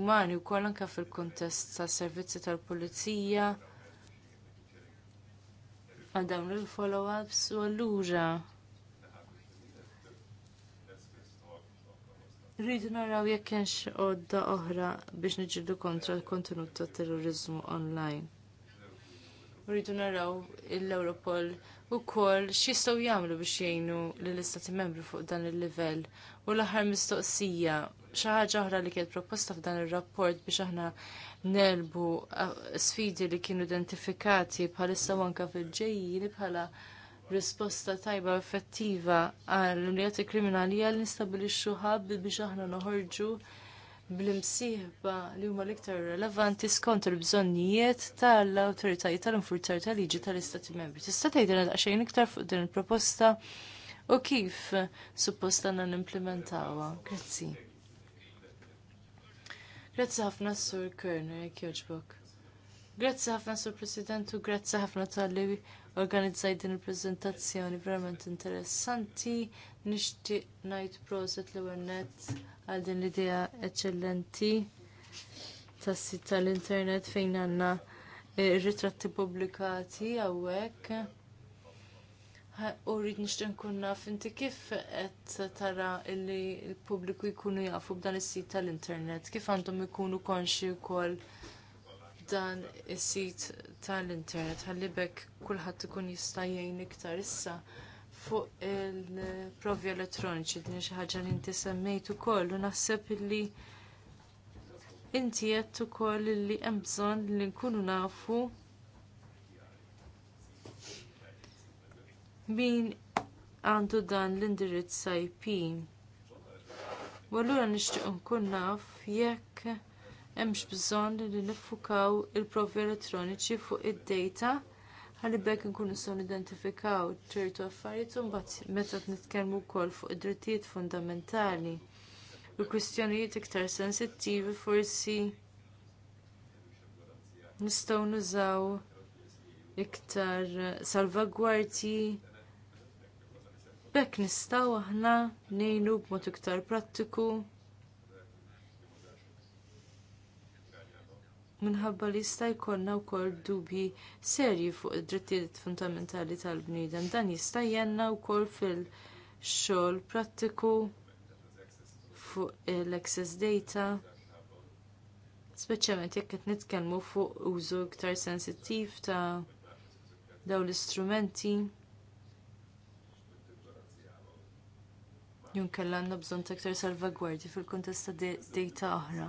umani wkoll anke fil-kuntest tas servizzi tal-pulizija għal dawn il-follow-ups u allura Rridu naraw jekk kienx għodda oħra biex niġġieldu kontra l-kontenut ta' terrorizmu online rridu naraw l-Europol u kol xistaw jamlu biex jgħinu l-istati membri fuq dan il-level u l-aħħar mistoqsija xi ħaġa oħra li kienet proposta f'dan ir-rapport biex aħna nelbu uh, sfidi li kienu identifikati bħalissa anke fil-ġejjin bħala risposta tajba effettiva għall unijati kriminali għal nistabilixxu ħabbi biex aħna noħorġu bl-imsieħba li huma l-iktar relevanti skont il-bżonnijiet tal-awtoritajiet tal infurzar tal-liġi tal-Istati Membri. Tista' tgħidilna daqsxejn iktar fuq din il-proposta u kif suppost għandna nimplementawha. Grazzi. Grazzi ħafna Sur Kerner jekk jogħġbok. Grazzi ħafna Sur President u grazzi ħafna tal-li organizzajt din il-prezentazzjoni verament interessanti. Nixtieq ngħid proset l net għal din l-idea eċċellenti tas-sit tal-internet fejn għandna eh, ir-ritratti pubblikati hawnhekk. U rrid nixtieq nkun naf inti kif qed tara li l-pubbliku jkunu jafu b'dan is-sit tal-internet, kif għandhom ikunu konxi wkoll f'dan is-sit tal-internet ħallibek kulħadd ikun jista' jgħin iktar issa fuq il-provi elettroniċi din xi ħaġa li inti semmejt ukoll u naħseb illi inti qed ukoll li hemm bżonn li nkunu nafu min għandu dan l-indirizz IP. U allura nixtieq nkun naf jekk hemmx bżonn li niffukaw il-provi elettroniċi fuq id-data ħalli bekk nkunu nistgħu nidentifikaw ċertu affarijiet u mbagħad meta nitkellmu wkoll fuq id-drittijiet fundamentali. U kwistjonijiet iktar sensittivi forsi nistgħu nużaw iktar salvagwardji b'hekk nistgħu aħna ngħinu b'mod iktar prattiku minħabba li jista' jkollna wkoll dubji serji fuq id-drittijiet fundamentali tal-bniedem. Dan jista' jenna wkoll fil-xogħol prattiku fuq l-access data speċjalment jekk qed nitkellmu fuq użu iktar sensittiv ta' dawn l-istrumenti. Junkella għandna bżonn t iktar salvagwardji fil kontesta dejta oħra.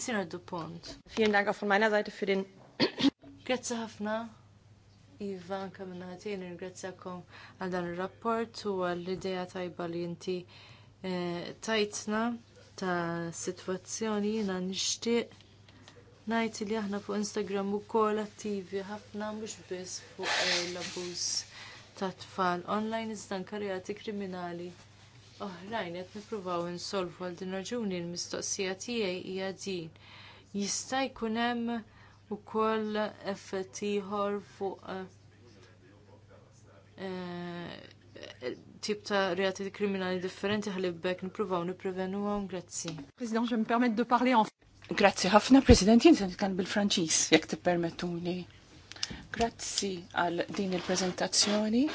Isir għaddu pont. Fjien danka auch von meiner Seite Grazzi ħafna. Iva, anka minna ħatin, ringrazzjakom għal dan il-rapport u għall-ideja tajba li inti eh, tajtna ta' situazzjoni jina nishtiq najt li aħna fuq Instagram u kol attivi ħafna mux biss fuq eh, l abuz ta' tfal online iżdan karjati kriminali oħrajn qed nippruvaw insolvu għal din raġuni l-mistoqsija tiegħi hija din. Jista' jkun hemm ukoll effett ieħor fuq eh, tip ta' reati kriminali differenti ħalli bekk nippruvaw nipprevenu għom, grazzi. President, je me de parler en Grazzi ħafna, President, jinsan kan bil-Franċis, jekk tippermettuni. Grazzi għal din il-prezentazzjoni.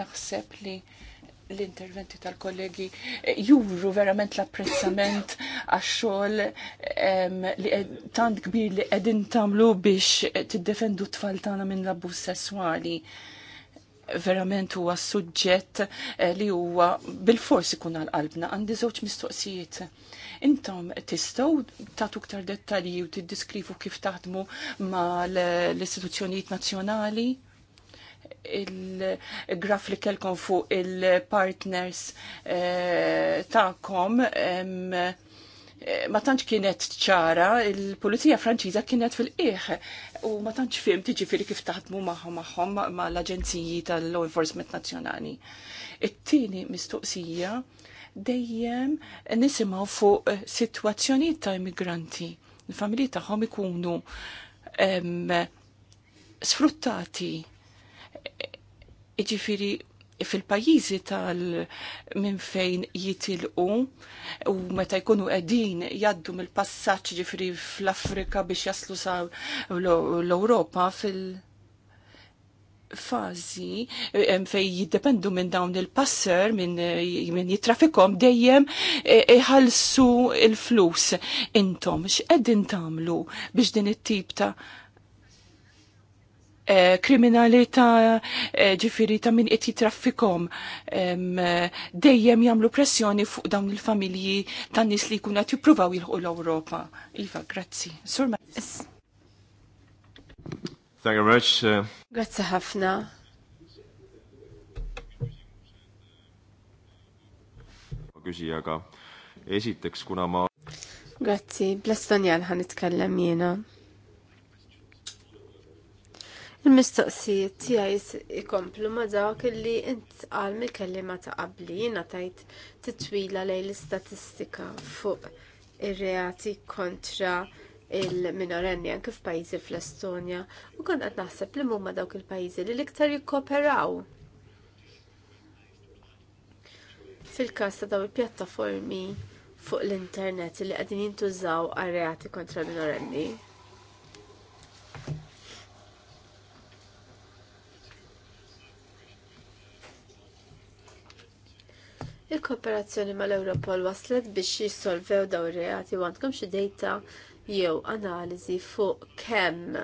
Naħseb li l-interventi tal-kollegi eh, juru verament l-apprezzament għax-xogħol li tant kbir li qegħdin tagħmlu biex eh, tiddefendu t-tfal tagħna minn l-abbuż sesswali. Verament huwa suġġett eh, li huwa bil-fors ikun għal-qalbna għandi żewġ mistoqsijiet. Intom tistgħu tagħtu iktar dettalji u tiddiskrivu kif taħdmu mal l-istituzzjonijiet nazzjonali? il-graf li kelkom fuq il-partners eh, ta'kom eh, ma tantx kienet ċara, il-Pulizija Franċiża kienet fil-qieħ u ma tantx fim tiġifieri kif taħdmu magħhom magħhom mal aġenziji tal-Law Enforcement Nazzjonali. It-tieni mistoqsija dejjem nisimgħu fuq sitwazzjonijiet ta' immigranti. Il-familji tagħhom ikunu sfruttati Iġifiri, fil-pajizi tal minn fejn jitilqu u meta jkunu qegħdin jaddu mill passaċ ġifiri fl-Afrika biex jaslu sa l-Ewropa fil- fazi fej jiddependu minn dawn il-passer minn min jitrafikom dejjem e, iħalsu il-flus intom x'qegħdin tagħmlu biex din it-tip ta' Eh, kriminali ta' eh, ġifiri ta' min qed jitraffikom eh, dejjem jagħmlu pressjoni fuq dawn il-familji tan nies li jkunu qed jippruvaw jilħu l-Ewropa. Iva, grazzi. Surma. Thank you very much. Uh, grazzi ħafna. küsijaga. esiteks, kuna ma. Grazzi, blastonjal estonjan ħan itkellem jiena. Il-mistoqsijiet tiegħi jkomplu ma dawk illi qal mill-kelliema ta' qabli jiena tajt titwila lejn l-istatistika fuq ir-reati kontra il-minorenni anke f'pajjiżi fl-Estonja u kont qed naħseb li huma dawk il-pajjiżi li l-iktar jikkoperaw. Fil-każ ta' dawn il-pjattaformi fuq l-internet li qegħdin jintużaw għal reati kontra minorenni. Il-kooperazzjoni mal-Europol waslet biex jissolvew daw ir-reati u għandkom xi data jew analiżi fuq kemm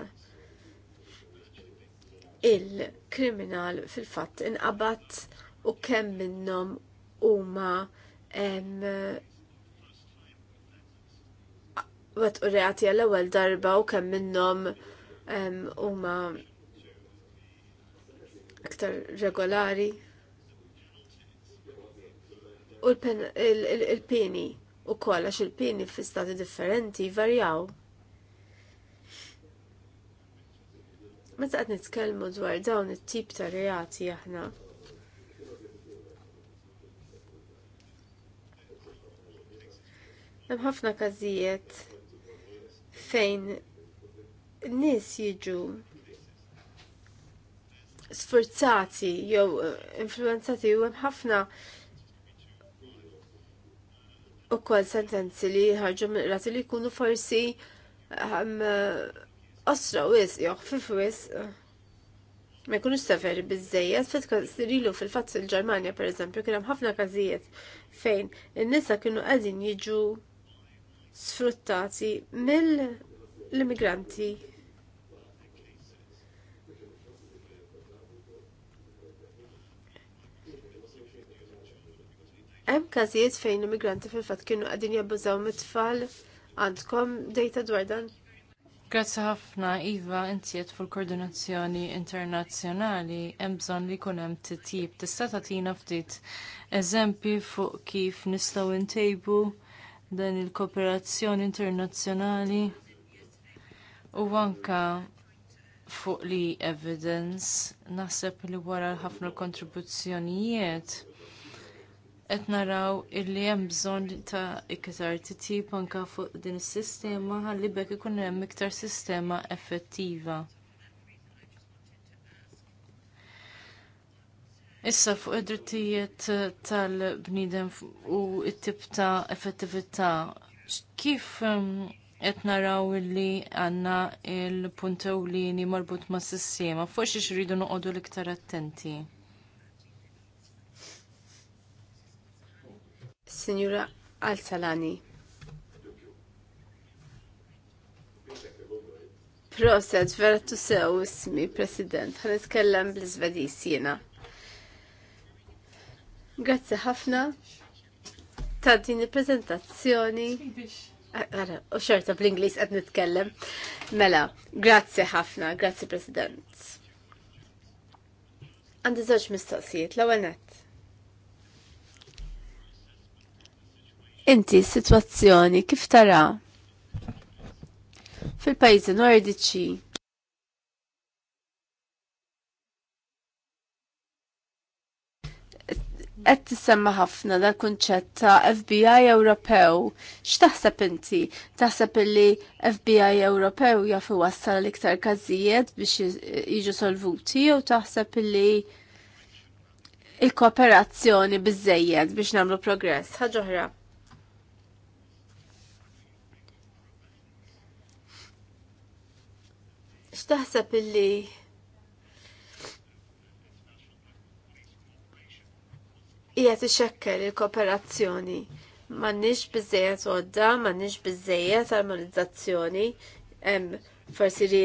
il-kriminal fil-fatt inqabad u kemm minnhom huma wet u reati għall ewwel darba u kemm minnhom huma iktar regolari u l-pini u koll għax il-pini fi stati differenti varjaw. Meta qed nitkellmu dwar dawn it-tip ta' reati aħna. Hemm ħafna każijiet fejn nies jiġu sforzati jew eh, influenzati u hemm ħafna u kol sentenzi li ħarġu minn rati li jkunu forsi osra wis, fif u wis. Ma jkunux severi bizzejjed, fit rilu fil-fatt il-Ġermanja per eżempju, kien hemm ħafna każijiet fejn in-nisa kienu qegħdin jiġu sfruttati mill-immigranti Hemm każijiet fejn immigranti fil-fatt kienu qegħdin jabbużaw mit-tfal għandkom dejta dwar dan? Grazzi ħafna Iva intiet fil-koordinazzjoni internazzjonali hemm bżonn li jkun hemm titjib. Tista' tagħtina ftit eżempji fuq kif nistgħu ntejbu dan il-kooperazzjoni internazzjonali u anka fuq li evidence naħseb li wara ħafna kontribuzzjonijiet qed naraw illi hemm bżonn ta' iktar titjib anke fuq din is-sistema ħallibek ikun hemm iktar sistema effettiva. Issa fuq id-drittijiet tal-bniedem u t-tip ta' effettività kif ehm, qed naraw illi għandna il-puntewlini marbut mas sistema, forsi xridu noqogħdu l-iktar attenti. Signora Al-Salani. Proset, vera sew ismi, President, għan itkellem bl-Izvedis jena. Grazzi ħafna ta' din il-prezentazzjoni. Għara, u xorta bl-Inglis għed nitkellem. Mela, grazzi ħafna, grazzi President. Għandi zoċ mistoqsijiet, l-għanet Inti situazzjoni sitwazzjoni kif tara? Fil-pajjiżi nordiċi qed tisemma ħafna dal kunċett ta' FBI Ewropew. X'taħseb inti? Taħseb illi FBI Ewropew jafu wassal l-iktar każijiet biex jiġu solvuti jew taħseb illi il-kooperazzjoni biżejjed biex nagħmlu progress. Ħaġa oħra. X'taħseb illi hija tixekkel il-kooperazzjoni. M'għandniex biżejjed għodda, m'għandniex biżejjed armonizzazzjoni, forsi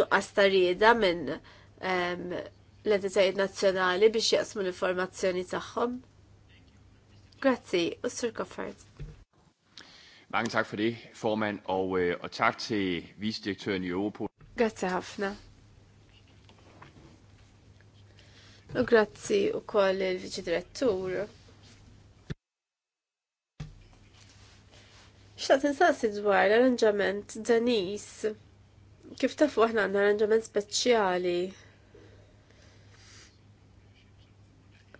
nuqqas ta' rieda minn l-entitajiet nazzjonali biex jaqsmu l-informazzjoni tagħhom. Grazzi, u Sir Koffert. Mange tak for det, formand, og, eh, og tak til vicedirektøren i Europol. Grazzi ħafna. U grazzi u koll il-Viċi Direttur. Xtaqt insassi dwar l-arranġament Danis. Kif tafu aħna għandna arranġament speċjali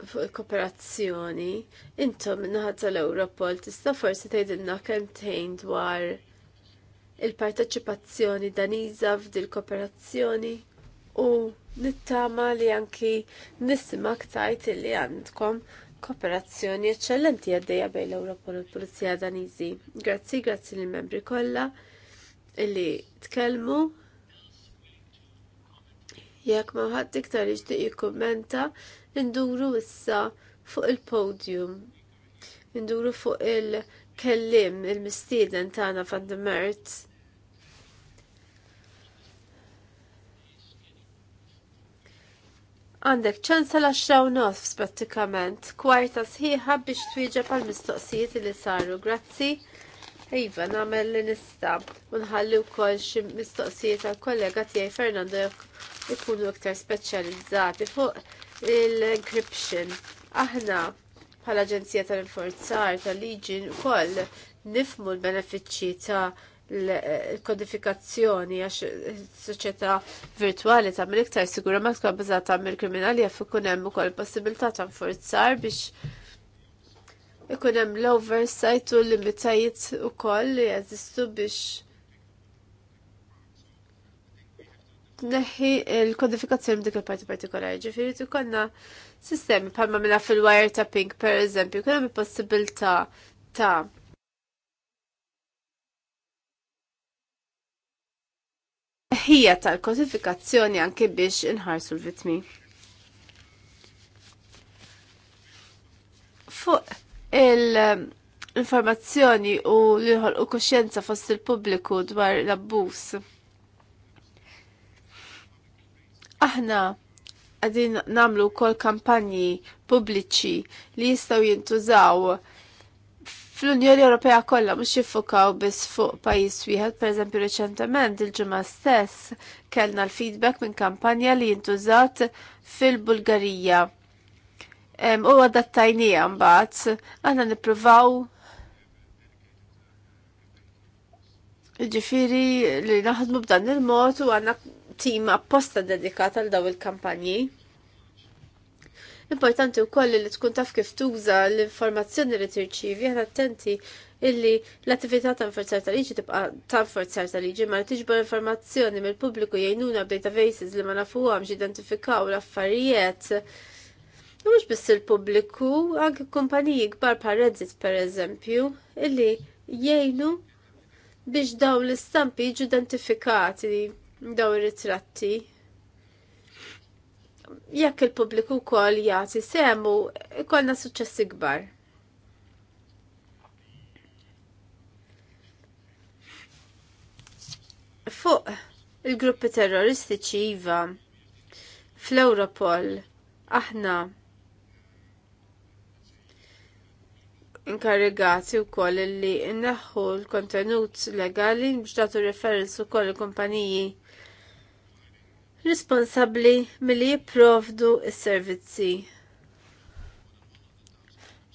fuq il-kooperazzjoni, intom minnaħat tal-Europol tista' forsi tgħidilna kentejn dwar il-parteċipazzjoni daniża f'dil kooperazzjoni u nittama li anki nisimak ktajt li għandkom kooperazzjoni eccellenti għaddejja bejn l-Ewropa u l-Pulizija Daniżi. Grazzi, grazzi lill membri kollha illi tkellmu. Jekk ma ħadd iktar jixtieq jikkummenta, induru issa fuq il-podium. Induru fuq il-kellim il-mistieden tagħna fan der Merz Għandek ċans għal u nofs prattikament, kwarta sħiħa biex twieġa għal mistoqsijiet li saru. Grazzi. Iva, namel li nista. Unħalli u koll mistoqsijiet għal kollega tijaj Fernando ikunu iktar specializzati fuq l encryption Aħna, bħal aġenzija tal-inforzar tal-liġin kol nifmu l-benefiċċji ta' l-kodifikazzjoni għax soċjetà virtuali ta' iktar sigura ma tkun ta' mill-kriminali għaf ikun hemm ukoll possibilità ta' forzar biex ikun hemm l-oversight u l-limitajiet ukoll li jeżistu biex neħi l-kodifikazzjoni dik il-parti partikolari. Ġifieri konna sistemi bħalma minna fil-wire tapping per eżempju, kun il possibilità ta' ħija tal-kodifikazzjoni anke biex inħarsu l-vitmi. Fuq il-informazzjoni u liħol u koxjenza fost il-pubbliku dwar l-abbus. Aħna għadin namlu kol kampanji pubbliċi li jistaw jintużaw fl-Unjoni Ewropea kollha mhux jiffukaw biss fuq pajjiż wieħed, pereżempju riċentement il-ġimgħa stess kellna l-feedback minn kampanja li jintużat fil-Bulgarija. U għadattajnija mbagħad aħna nippruvaw Ġifiri li naħdmu b'dan il-mod u għanna tim apposta dedikata għal daw il-kampanji. Importanti wkoll li tkun taf kif tuża l-informazzjoni li tirċivi, aħna attenti illi l-attività ta' forzar ta' liġi tibqa' ta' forzar ta' liġi ma tiġbor informazzjoni mill-pubbliku jgħinuna b'databases li ma għamġi identifikaw l-affarijiet mhux biss il-pubbliku, anke kumpaniji kbar pa' Reddit pereżempju, illi jgħinu biex dawn l-istampi jiġu identifikati dawn ir-ritratti jekk il-pubbliku wkoll jagħti semu ikollna suċessi gbar. Fuq il-gruppi terroristiċi iva fl-Europol aħna inkarregati u koll li inneħħu l-kontenut legali biex datu referenzu koll il-kumpaniji responsabbli li jiprovdu s-servizzi.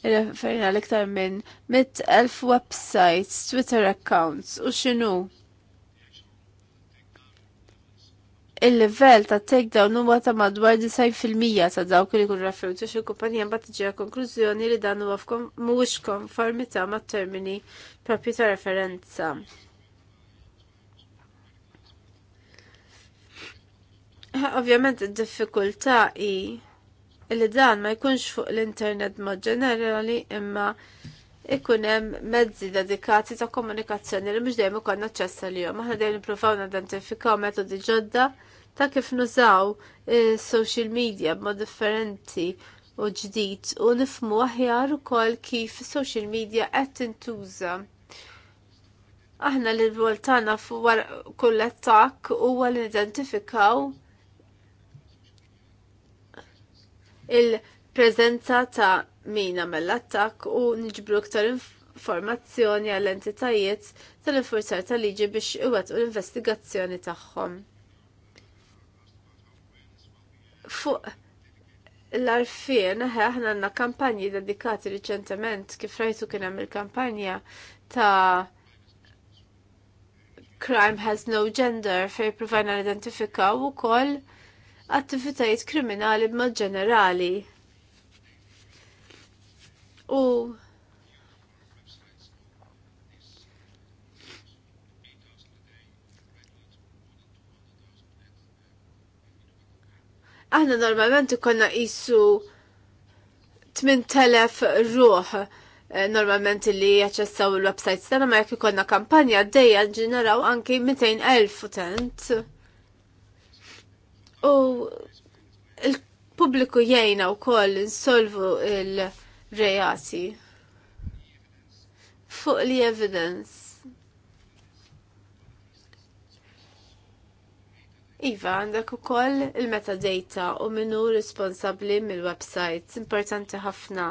Referina għal iktar minn 100.000 websites, Twitter accounts u xinu. Il-level ta' takedown huwa ta' madwar 90% ta' dawk li kun rafferti xi kumpanija mbagħad tiġi konklużjoni li dan huwa mhuwiex konformità mat-termini propri ta' referenza. Ovvjament id-diffikultà hi li dan ma jkunx fuq l-internet mod ġenerali imma ikun hemm mezzi dedikati ta' komunikazzjoni li mhux dejjem ikollna aċċess għalihom. Aħna dejjem nippruvaw nidentifikaw metodi ġodda ta' kif nużaw eh, social media b'mod differenti u ġdid u nifmu aħjar ukoll kif social media qed tintuża. Aħna l-rwol tagħna fuq kull attakk huwa li nidentifikaw il-preżenza ta' min għamel attak attakk u nġibru ktar informazzjoni għall entitajiet tal-infurzar tal-liġi biex iwettqu l-investigazzjoni tagħhom. Fuq l-arfien, ħna għanna kampanji dedikati riċentement, kif rajtu kien hemm il-kampanja ta' Crime has no gender fej provajna l-identifikaw u koll attivitajiet kriminali b'mod ġenerali. U aħna normalment ikonna jissu 8000 ruħ eh, normalment li jaċċessaw il-websites tagħna ma jekk ikollna kampanja għaddejja ġeneraw anki 200,000 utent. U il-pubbliku jgħina wkoll insolvu il-rejati fuq li evidence. Iva, għandak u koll il-metadata u minu responsabli mill-websites importanti ħafna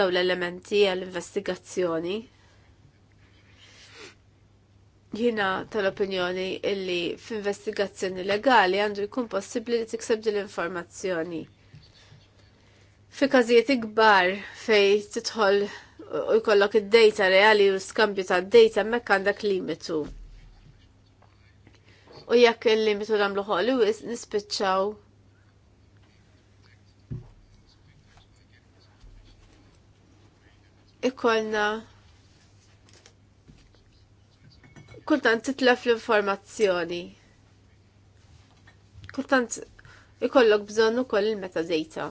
daw l-elementi għall-investigazzjoni. Jina tal-opinjoni illi f'investigazzjoni legali għandu jkun possibbli li tikseb din l-informazzjoni. Fi każijiet ikbar fej titħol u jkollok id-data reali u skambju ta' data mekk għandak limitu. U jekk il-limitu namlu ħolu nispiċċaw ikolna kultant titlef l-informazzjoni. Kultant ikollok bżonn ukoll il-metadata.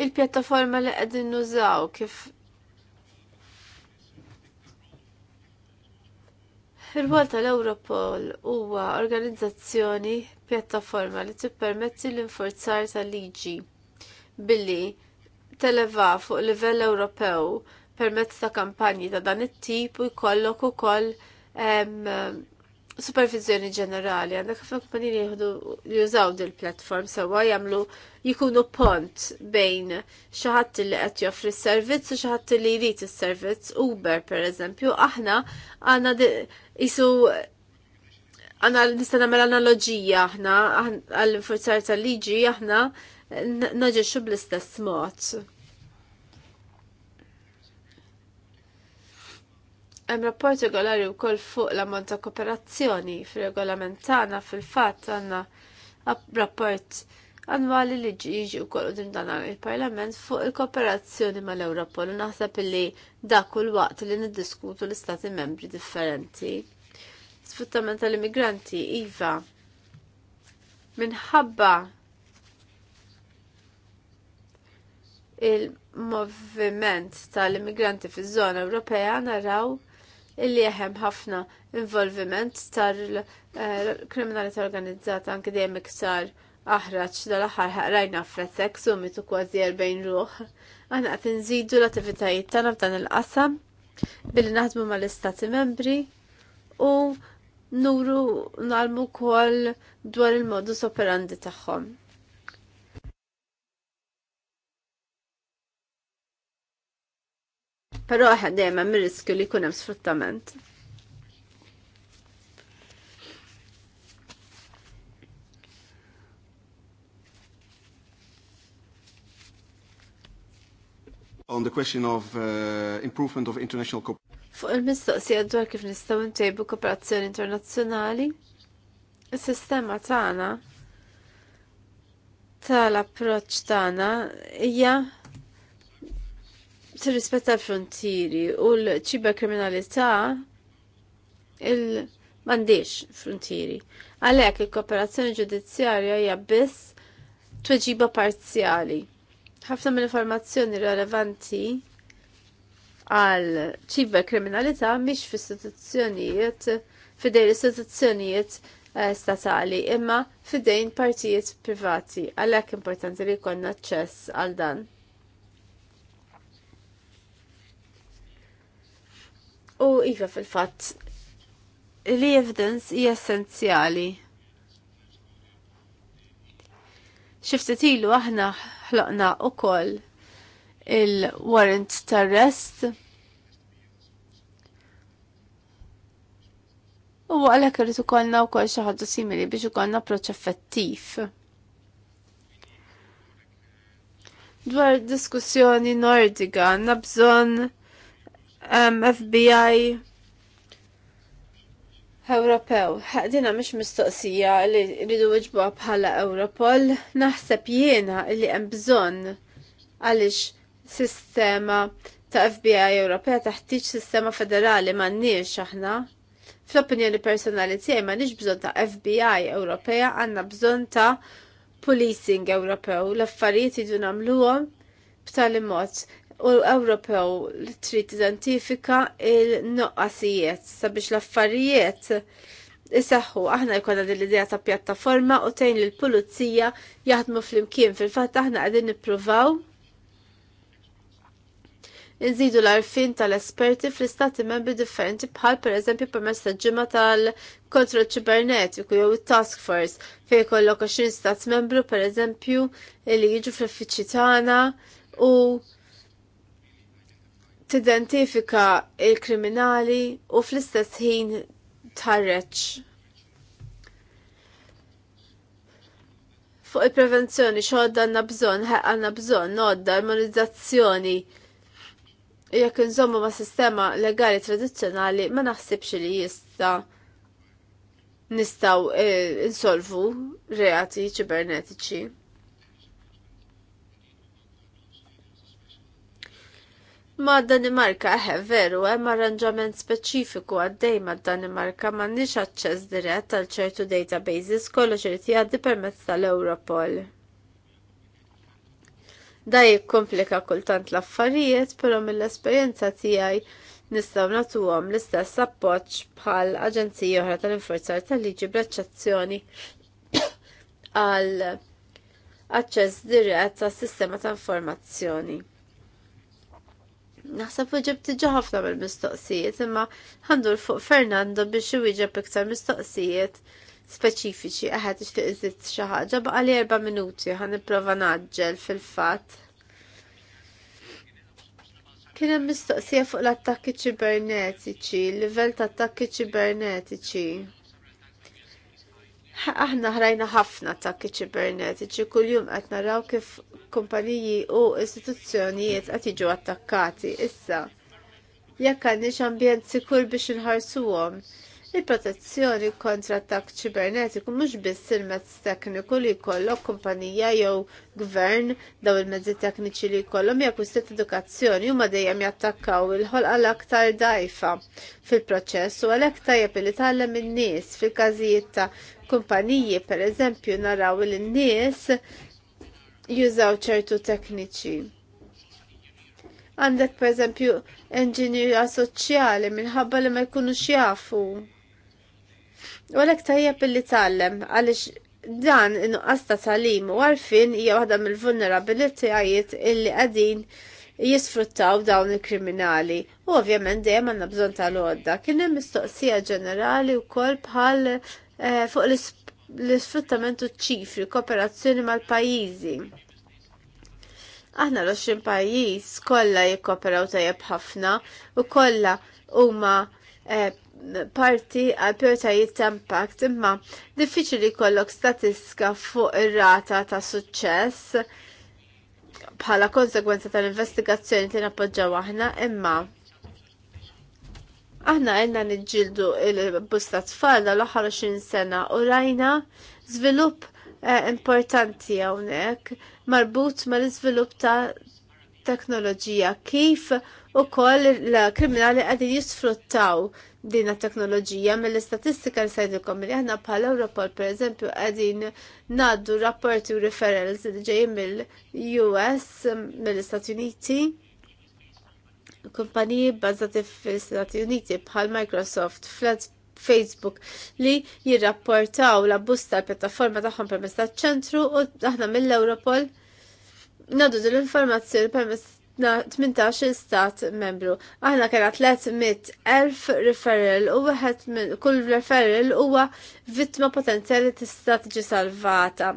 Il-pjattaforma li qegħdin nużaw kif Il-wol tal-Europol huwa organizzazzjoni pjattaforma li tippermetti l-infurzar tal-liġi billi televa fuq livell Ewropew permezz ta' kampanji ta' dan it-tip u jkollok ukoll supervizjoni ġenerali, għandek ħafna kumpanini jieħdu jużaw dil platform sewa jagħmlu jikunu pont bejn xi li qed joffri s-servizz u xi li jrid is-servizz, Uber pereżempju, aħna għandna isu għandna nista' nagħmel analogija aħna għall forzar tal-liġi aħna naġixxu bl-istess mod. Hemm rapport regolari wkoll fuq l-ammont ta' kooperazzjoni fir-regolament tagħna fil-fatt għandna rapport annwali li ġiġi wkoll qudiem dan il-Parlament fuq il-kooperazzjoni mal europol u naħseb li dak kull waqt li niddiskutu l-istati membri differenti. Sfruttament tal-immigranti iva minħabba il-moviment tal-immigranti fiż-żona Ewropea naraw illi hemm ħafna involviment tal-kriminalità organizzata anke dejjem iktar aħraġ dal-aħħar rajna f'Rettex u mitu kważi 40 ruħ. Aħna qed inżidu l-attivitajiet tagħna f'dan il-qasam billi naħdmu mal-istati membri u nuru nalmu kol dwar il-modus operandi tagħhom. però aħna dejjem hemm ir li jkun hemm sfruttament. on the question of uh, improvement of international cooperation. Fuq il-mistoqsija dwar kif nistgħu ntejbu kooperazzjoni internazzjonali, is-sistema tagħna tal-approċċ tagħna hija tirrispetta l-frontieri u l-ċiba kriminalità il m'għandix frontieri. Għalhekk il-kooperazzjoni ġudizzjarja hija biss tweġiba parzjali. Ħafna mill-informazzjoni rilevanti għal ċiba kriminalità mhix f'istituzzjonijiet fidejn istituzzjonijiet eh, statali imma fidejn partijiet privati għalhekk importanti li jkollna aċċess għal dan. U iva fil-fatt li evidence hija essenzjali. Xiftit ilu aħna ħloqna ukoll il-warrant tar-rest. U għalek rrit ukollna wkoll xi xaħadu simili biex ukollna approċċ effettiv. Dwar diskussjoni nordiga nabżon bżonn Um, FBI Ewropew. Dina mish mistoqsija li rridu wġba bħala Europol. Naħseb jiena li hemm bżonn għaliex sistema ta' FBI Ewropea taħtieġ sistema federali m'għandniex aħna. Fl-opinjoni personali tiegħi m'għandniex bżonn ta' FBI Ewropea, għandna bżonn ta' policing Ewropew. L-affarijiet jidu nagħmluhom b'tali mod u l Ewropew li trid identifika il-noqqasijiet sabiex l-affarijiet iseħħu, aħna jkollna din l-idea ta' pjattaforma u tejn l pulizija jaħdmu fl-imkien fil-fatt aħna qegħdin nippruvaw Nżidu l-arfin tal-esperti fl-istati membri differenti bħal per eżempju permess tal-ġimgħa tal-kontroll ċibernetiku jew it-task force fejn kollok 20 stat membru per eżempju li jiġu fl-uffiċċji tagħna u tidentifika il-kriminali u fl-istess ħin tħarreċ. Fuq il-prevenzjoni xodda għanna bżon, għanna bżon, nodda, armonizzazzjoni. Jekk nżommu ma' sistema legali tradizzjonali ma naħsibx li jista nistaw eh, insolvu reati ċibernetiċi. ma' Danimarka eħe eh, veru hemm eh, arranġament speċifiku għaddej ma' Danimarka m'għandniex aċċess dirett għal ċertu databases kollox irid jgħaddi permezz tal-Europol. Da jikkomplika kultant l-affarijiet, però mill-esperjenza tiegħi nistgħu nagħtuhom l-istess appoġġ bħal aġenziji oħra tal-infurzar tal-liġi bl-eċċezzjoni għal aċċess dirett għas sistema ta' informazzjoni. Naħseb u ġibt ħafna mill-mistoqsijiet, imma ħandur fuq Fernando biex iwieġeb iktar mistoqsijiet speċifiċi għahet iġtiq iżid xi ħaġa baqa' li erba' minuti ħan nipprova naġġel fil-fatt. Kien hemm mistoqsija fuq l-attakki ċibernetiċi, livell ta' attakki ċibernetiċi aħna ħrajna ħafna attakki kull kuljum qed naraw kif kumpaniji u istituzzjonijiet qed jiġu attakkati issa. Jekk għandniex ambjent sikur biex għom, il-protezzjoni kontra attakk ċibernetiku mhux biss il-mezz tekniku li jkollok kumpanija jew gvern daw il-mezzi tekniċi li jkollhom hija kwistjoni edukazzjoni huma dejjem jattakkaw il ħol għal aktar dajfa fil-proċess u għalhekk tajjeb li tgħallem in-nies fil-każijiet ta' kumpaniji per eżempju naraw li n-nies jużaw ċertu tekniċi. Għandek per eżempju enġinjera soċjali minħabba li ma jkunux jafu. U għalek tajjeb li tallem għalix dan inqas ta' talim u għarfin hija waħda mill-vulnerabilitajiet illi qegħdin jisfruttaw dawn il-kriminali. U ovvjament dejjem għandna bżonn tal-għodda. Kien hemm mistoqsija ġenerali wkoll bħal Eh, fuq l sfruttamentu ċifri, kooperazzjoni mal-pajizi. Aħna l-20 pajjiż kollha jikkoperaw tajjeb ħafna u kollha huma eh, parti għal prioritajiet ta' impact imma diffiċli kollok statistika fuq ir-rata ta' suċċess bħala konsekwenza tal-investigazzjoni li nappoġġaw aħna imma Aħna għenna nġildu il-busta tfal l-20 sena u rajna zvilup eh, importanti għonek marbut ma l ta' teknoloġija kif u koll l-kriminali għadin jisfruttaw din teknoloġija mill-istatistika li sajdilkom li aħna bħala Europol per eżempju għadin naddu rapporti u referrals li ġejjin mill-US mill-Istati Uniti kumpaniji bbażati fl-Istati Uniti bħal Microsoft, Facebook li jirrapportaw la busta tal pjattaforma tagħhom permezz taċ-ċentru u aħna mill-Europol nadu din l-informazzjoni permezz 18 stat membru. Aħna kena 300.000 referral u wieħed minn kull referral huwa vittma potenzjali tista' tiġi salvata.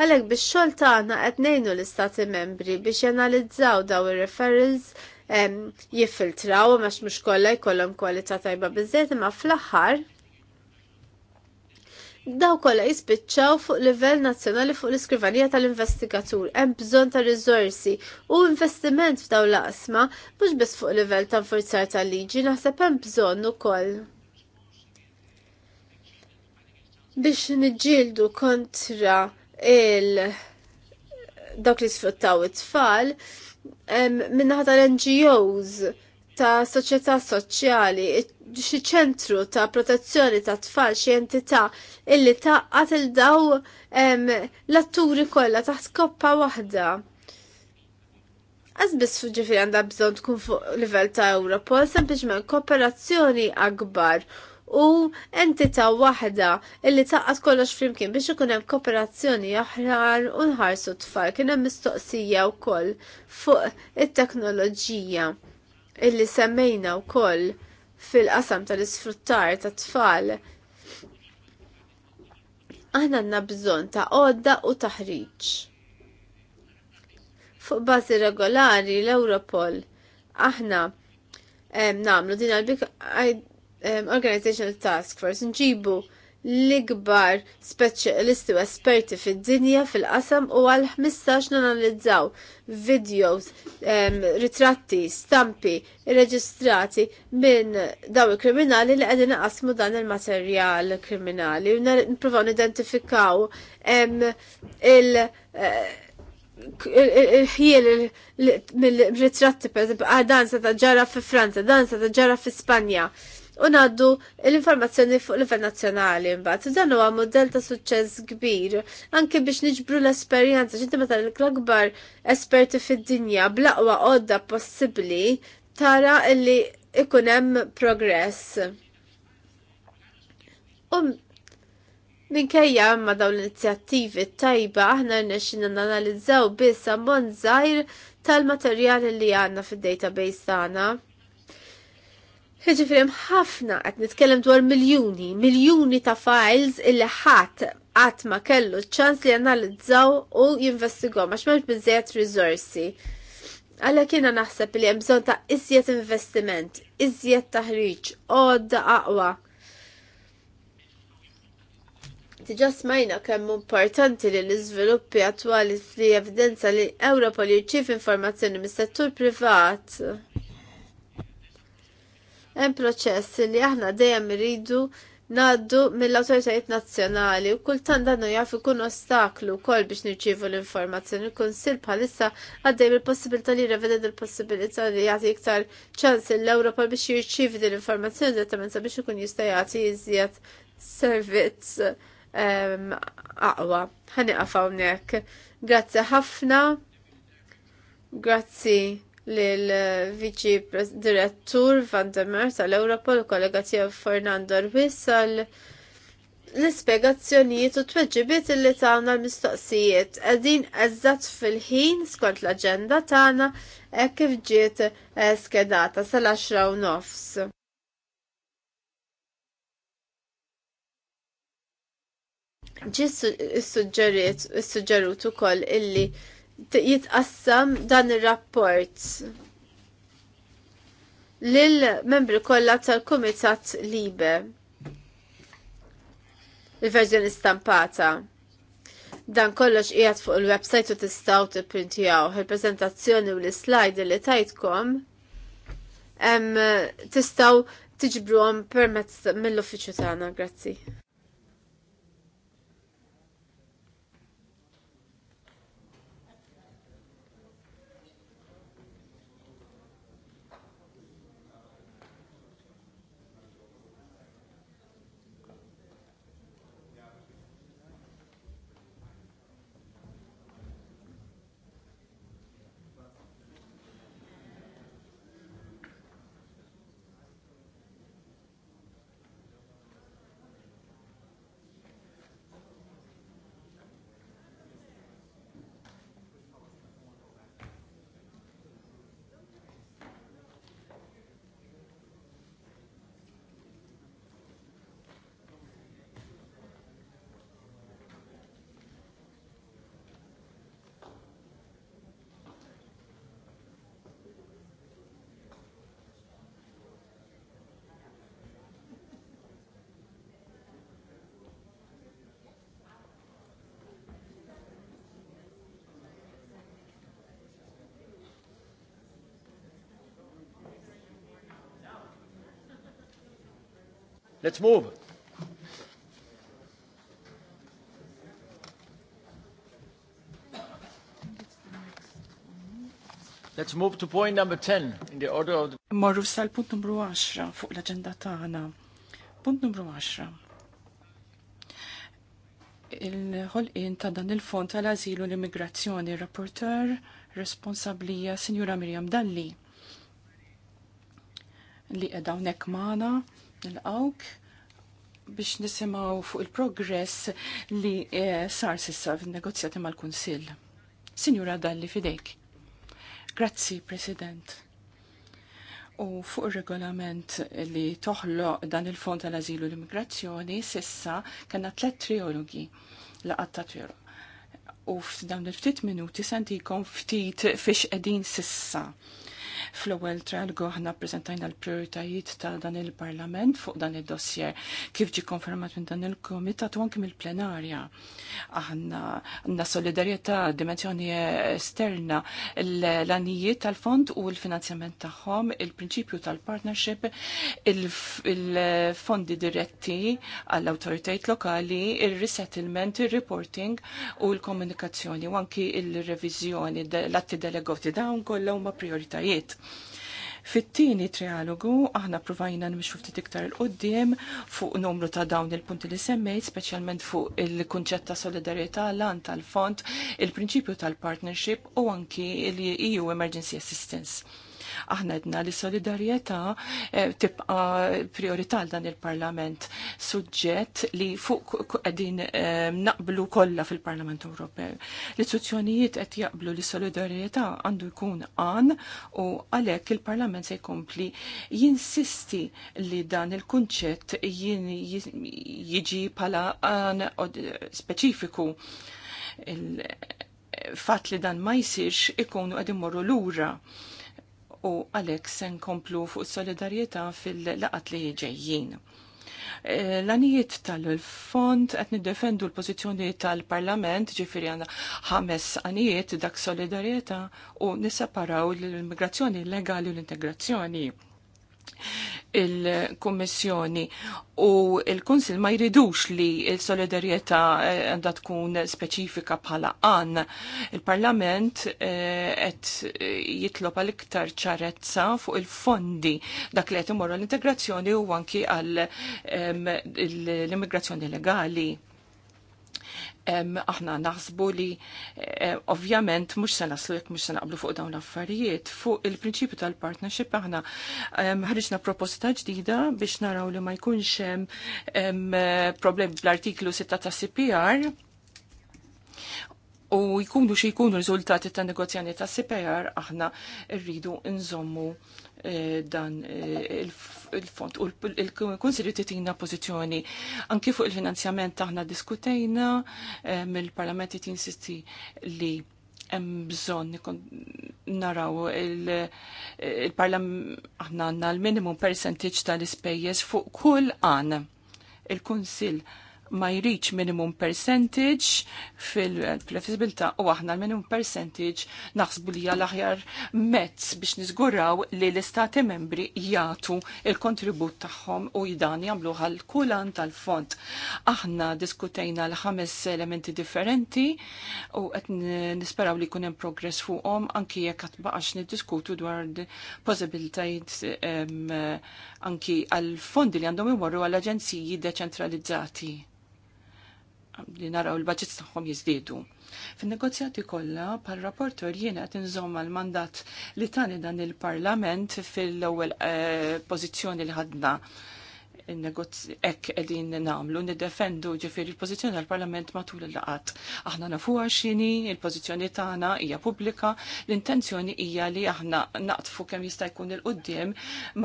Għalhekk bix-xogħol tagħna qed ngħinu l-istati membri biex janalizzaw daw ir-referrals jiffiltraw ma mux kollha jkollhom kwalità tajba biżżejjed imma fl-aħħar daw kollha jispiċċaw fuq livell nazzjonali fuq l-iskrivanija tal-investigatur. Hemm bżonn ta' riżorsi u investiment f'daw l-qasma mhux biss fuq livell ta' forzar tal-liġi naħseb hemm bżonn ukoll biex niġġieldu kontra il- dawk li sfruttaw it-tfal minnaħa tal-NGOs ta' soċjetà soċjali, xi ċentru ta' protezzjoni ta' tfal xi entità illi taqqat il daw l-atturi kollha ta' skoppa waħda. Għazbis fi għandha bżonn tkun fuq livell ta' Europol, sempliċement kooperazzjoni akbar u entità waħda illi taqqas kollox flimkien biex ikun hemm kooperazzjoni aħrar u nħarsu tfal. Kien hemm mistoqsija wkoll fuq it-teknoloġija illi semmejna wkoll fil-qasam tal-isfruttar ta' tfal. Aħna għandna bżonn ta' għodda u taħriġ. Fuq bażi regolari l-Europol aħna namlu din għalbik Um, organizational Task Force nġibu l-ikbar speċjalisti u esperti fid-dinja fil-qasam u għal 15 nanalizzaw videos, um, ritratti, stampi, reġistrati minn daw il-kriminali li għedin qasmu dan il-materjal kriminali u nipprovaw identifikaw um, il- uh, il-ħiel mill-ritratti, per esempio, ah, dan sa ta' ġara fi Franza, dan sa ta' ġara fi Spanja u naddu l-informazzjoni fuq l livell nazzjonali mbagħad. Dan huwa modell ta' suċċess kbir anke biex niġbru l-esperjenza x'inti meta l-akbar esperti fid-dinja bl-aqwa għodda possibbli tara li ikun hemm progress. U minkejja ma dawn l-inizjattivi tajba aħna rnexxin nanalizzaw biss ammont żgħir tal-materjali li għandna fid-database tagħna. Ġifiri ħafna qed nitkellem dwar miljuni, miljuni ta' files illi ħadd qatt ma kellu ċans li analizzaw u jinvestigaw, għax m'hemmx biżejjed riżorsi. Għalhekk jiena naħseb li hemm bżonn ta' iżjed investiment, iżjed taħriġ, għodda aqwa. Diġà smajna kemm importanti li l-iżviluppi attwali li evidenza li Ewropa li jirċiev informazzjoni mis-settur privat hemm proċess li aħna dejjem iridu naddu mill awtoritajiet nazzjonali u kultant dan jaf ikun ostaklu wkoll biex nirċievu l-informazzjoni. Il-Kunsill bħalissa għaddej il possibilità li reveded l possibilità li jagħti iktar ċans l-Ewropa biex jirċievi din l-informazzjoni direttament sabiex ikun jista' jagħti iżjed servizz ehm, aqwa. Ħaniqaf hawnhekk. Grazzi ħafna. Grazzi l-Viċi Direttur Vandemer tal-Europol u kollega tiegħu Fernando Rwissal l-ispiegazzjonijiet u tweġibiet li tagħna l-mistoqsijiet qegħdin eżatt fil-ħin skont l-aġenda tagħna hekk kif ġiet e, skedata sal-10 u nofs. Ġi suġġeriet suġġerut ukoll illi jitqassam dan ir-rapport lill-membri kollha tal-Kumitat Libe. Il-verżjoni stampata. Dan kollox qiegħed fuq il-website u tistgħu tippintjaw il-preżentazzjoni u l-slide li tajtkom tistgħu tiġbruhom permezz mill-uffiċċju tagħna, grazzi. let's move. Let's move to point number 10 in the order of the... Morru sal-punt numru 10 fuq l-agenda tagħna. Punt numru 10. Il-ħolqien ta' dan il-fond tal-azilu l-immigrazzjoni rapporter responsablija Sinjura Mirjam Dalli li edha hawnhekk magħna awk biex nisimaw fuq il-progress li eh, sar sissa fil-negozjati mal-Kunsill. Sinjura Dalli fidejk. Grazzi, President. U fuq il-regolament li toħlo dan il-Fond tal-Azilu l-Immigrazzjoni, sissa kanna tlet triologi laqat ta' triolog. U f'dawn il-ftit minuti santikom ftit fiex edin sissa Fl-ewwel trialgu aħna ppreżentajna l-prijoritajiet ta' dan il-Parlament fuq dan id-dossier kif ġi konfermat minn dan il-Kumitat u anke mill-plenarja. Aħna għandna solidarjetà dimensjoni esterna l-anijiet tal-fond u l-finanzjament tagħhom, il-prinċipju tal-partnership, il-fondi diretti għall-awtoritajiet lokali, il-resettlement, il-reporting u l-komunikazzjoni u anki il-revizjoni l-atti delegati dawn kollha huma prioritajiet Fit-tieni trialogu aħna provajna nimxu ftit iktar il-qoddim fuq numru ta' dawn il-punti li semmejt, speċjalment fuq il-kunċett ta' solidarietà, lan tal-fond, il-prinċipju tal-partnership u anki il eu Emergency Assistance Aħna edna li solidarjetà eh, tibqa priorità dan il-Parlament, suġġett li fuq qegħdin eh, naqblu kollha fil-Parlament Ewropew. L-istituzzjonijiet qed jaqblu li solidarjetà għandu jkun għan u għalhekk il-Parlament se jkompli jinsisti li dan il-kunċett jiġi bħala għan speċifiku fatt li dan ma jisirx ikunu għed morru l-ura u Alex se nkomplu fuq solidarjetà fil-laqat li ġejjin. Eh, l-anijiet tal-fond qed niddefendu l-pożizzjoni tal-Parlament ġifiri għanna ħames anijiet dak solidarieta u nisseparaw l-immigrazzjoni legali u l-integrazzjoni il-Kommissjoni u il-Kunsil ma jridux li il-solidarieta eh, għanda tkun speċifika bħala għan. Il-Parlament eh, qed eh, jitlob għal iktar ċarezza fuq il-fondi dak li qed imorru l-integrazzjoni u anki għal ehm, l-immigrazzjoni legali aħna naħsbu li eh, ovvjament mhux se naslu jekk mhux se naqblu fuq dawn l-affarijiet. Fuq il-prinċipju tal-partnership aħna ħriġna proposta ġdida biex naraw li ma jkunx hemm problem bl-artiklu 6 ta' CPR u jkunu xi jkunu riżultati ta' negozjani ta' CPR aħna rridu nżommu Eh, dan eh, il-fond u il konsilju titina pożizzjoni anki fuq il-finanzjament aħna diskutejna eh, mill-Parlament tinsisti li hemm bżonn naraw il-Parlament aħna għandna l-minimum percentage tal-ispejjeż fuq kull għan il-Kunsill ma jriċ minimum percentage fil-flessibilta u aħna l-minimum percentage naħsbu li l-aħjar mezz biex nizguraw li l-istati membri jgħatu il-kontribut tagħhom u jidan jagħmlu għal kulan tal-fond. Aħna diskutejna l-ħames elementi differenti u qed nisperaw li kunem progress fuqhom anki jekk qed baqax niddiskutu dwar possibilitajiet anki għal fondi li għandhom imorru għal aġenziji deċentralizzati li naraw il-budgets tagħhom jiżdiedu. Fin-negozjati kollha par rapporter jiena qed inżomm l-mandat li tani dan il-Parlament fil-ewwel eh, pożizzjoni li ħadna hekk qegħdin nagħmlu niddefendu ġifieri il pożizzjoni tal-Parlament matul il-laqat. Aħna nafu x'inhi, il-pożizzjoni tagħna hija pubblika, l-intenzjoni hija li aħna naqtfu kemm jista' jkun il-qudiem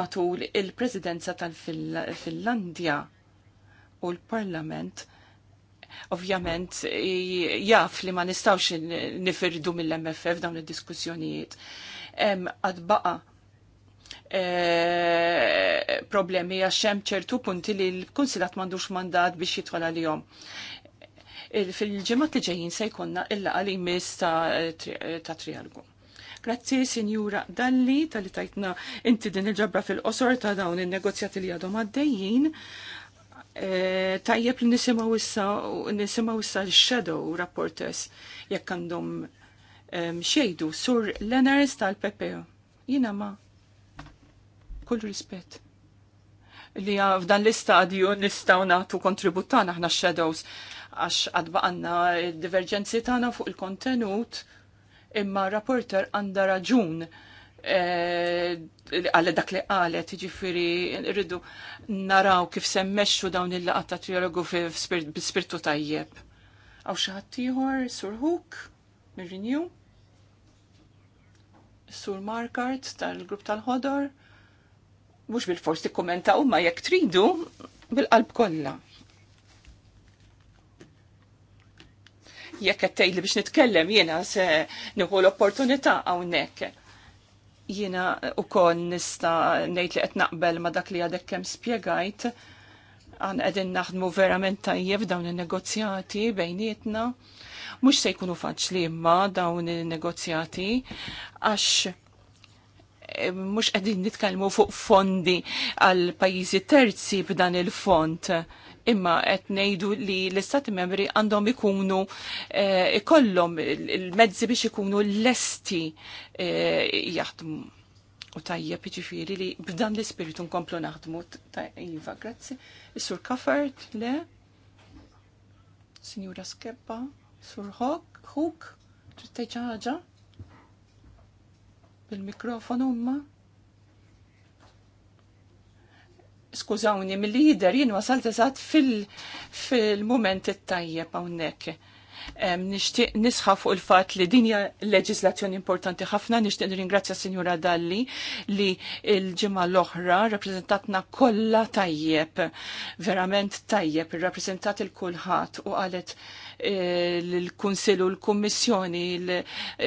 matul il-Presidenza tal-Finlandja u l-Parlament Ovvjament, jaf li ma nistawx nifirdu mill-MFF dawn id-diskussjonijiet. Għadbaqa e, problemi għaxem ċertu punti li l-Kunsilat mandux mandat biex jitwala li jom fil-ġemat li ġejjin se jkonna il-laqa li jmiss ta' trialgu. Grazzi, Sinjura Dalli, tal-li tajtna inti din il-ġabra fil-qosor ta' dawn il-negozjati li għadhom għaddejjin. Eh, tajjeb li nisimaw issa nisimaw issa l-shadow rapporters jekk għandhom xejdu sur Lenners tal-Pepeo. Jina ma kull rispett li f'dan l-istadju nistaw natu kontributana ħna shadows għax għadbaqanna divergenzi tana fuq il-kontenut imma rapporter għanda raġun Eh, għal dak li qalet, ġifiri, rridu naraw kif semmexxu dawn il-laqat ta' triologu spirtu tajjeb. Għaw xaħat tiħor, Sur Hook, mir Sur Markart tal-grupp tal-ħodor, mux bil-fors ti u ma jek tridu bil-qalb kolla. Jekk għattej li biex nitkellem jena se nħu l-opportunita għawnek Jiena kon nista ngħid li qed naqbel ma dak li għadek kemm spjegajt għan edin naħdmu verament tajjeb dawn in-negozjati bejnietna. Mhux se jkunu faċli imma dawn in-negozjati għax e, mux edin nitkalmu fuq fondi għal pajizi terzi b'dan il-font imma qed ngħidu li l-istati membri għandhom ikunu e, ikollhom il-mezzi biex ikunu lesti e, jaħdmu. U tajja jiġifieri li b'dan l-ispiritu nkomplu naħdmu. Iva, grazzi. Is-sur Kaffert, le? Sinjura Skebba, Sur Hawk, Hook, trid Bil-mikrofonu imma? skużawni mill-lider jien wasalt eżat fil-moment it-tajjeb hawnhekk. Nixtieq nisħa fuq il-fatt li din hija leġislazzjoni importanti ħafna, nixtieq nirringrazzja Sinjura Dalli li l-ġimgħa l-oħra rappresentatna kollha tajjeb, verament tajjeb, irrappreżentat il kulħadd u qalet eh, l-Kunsil u l-Kummissjoni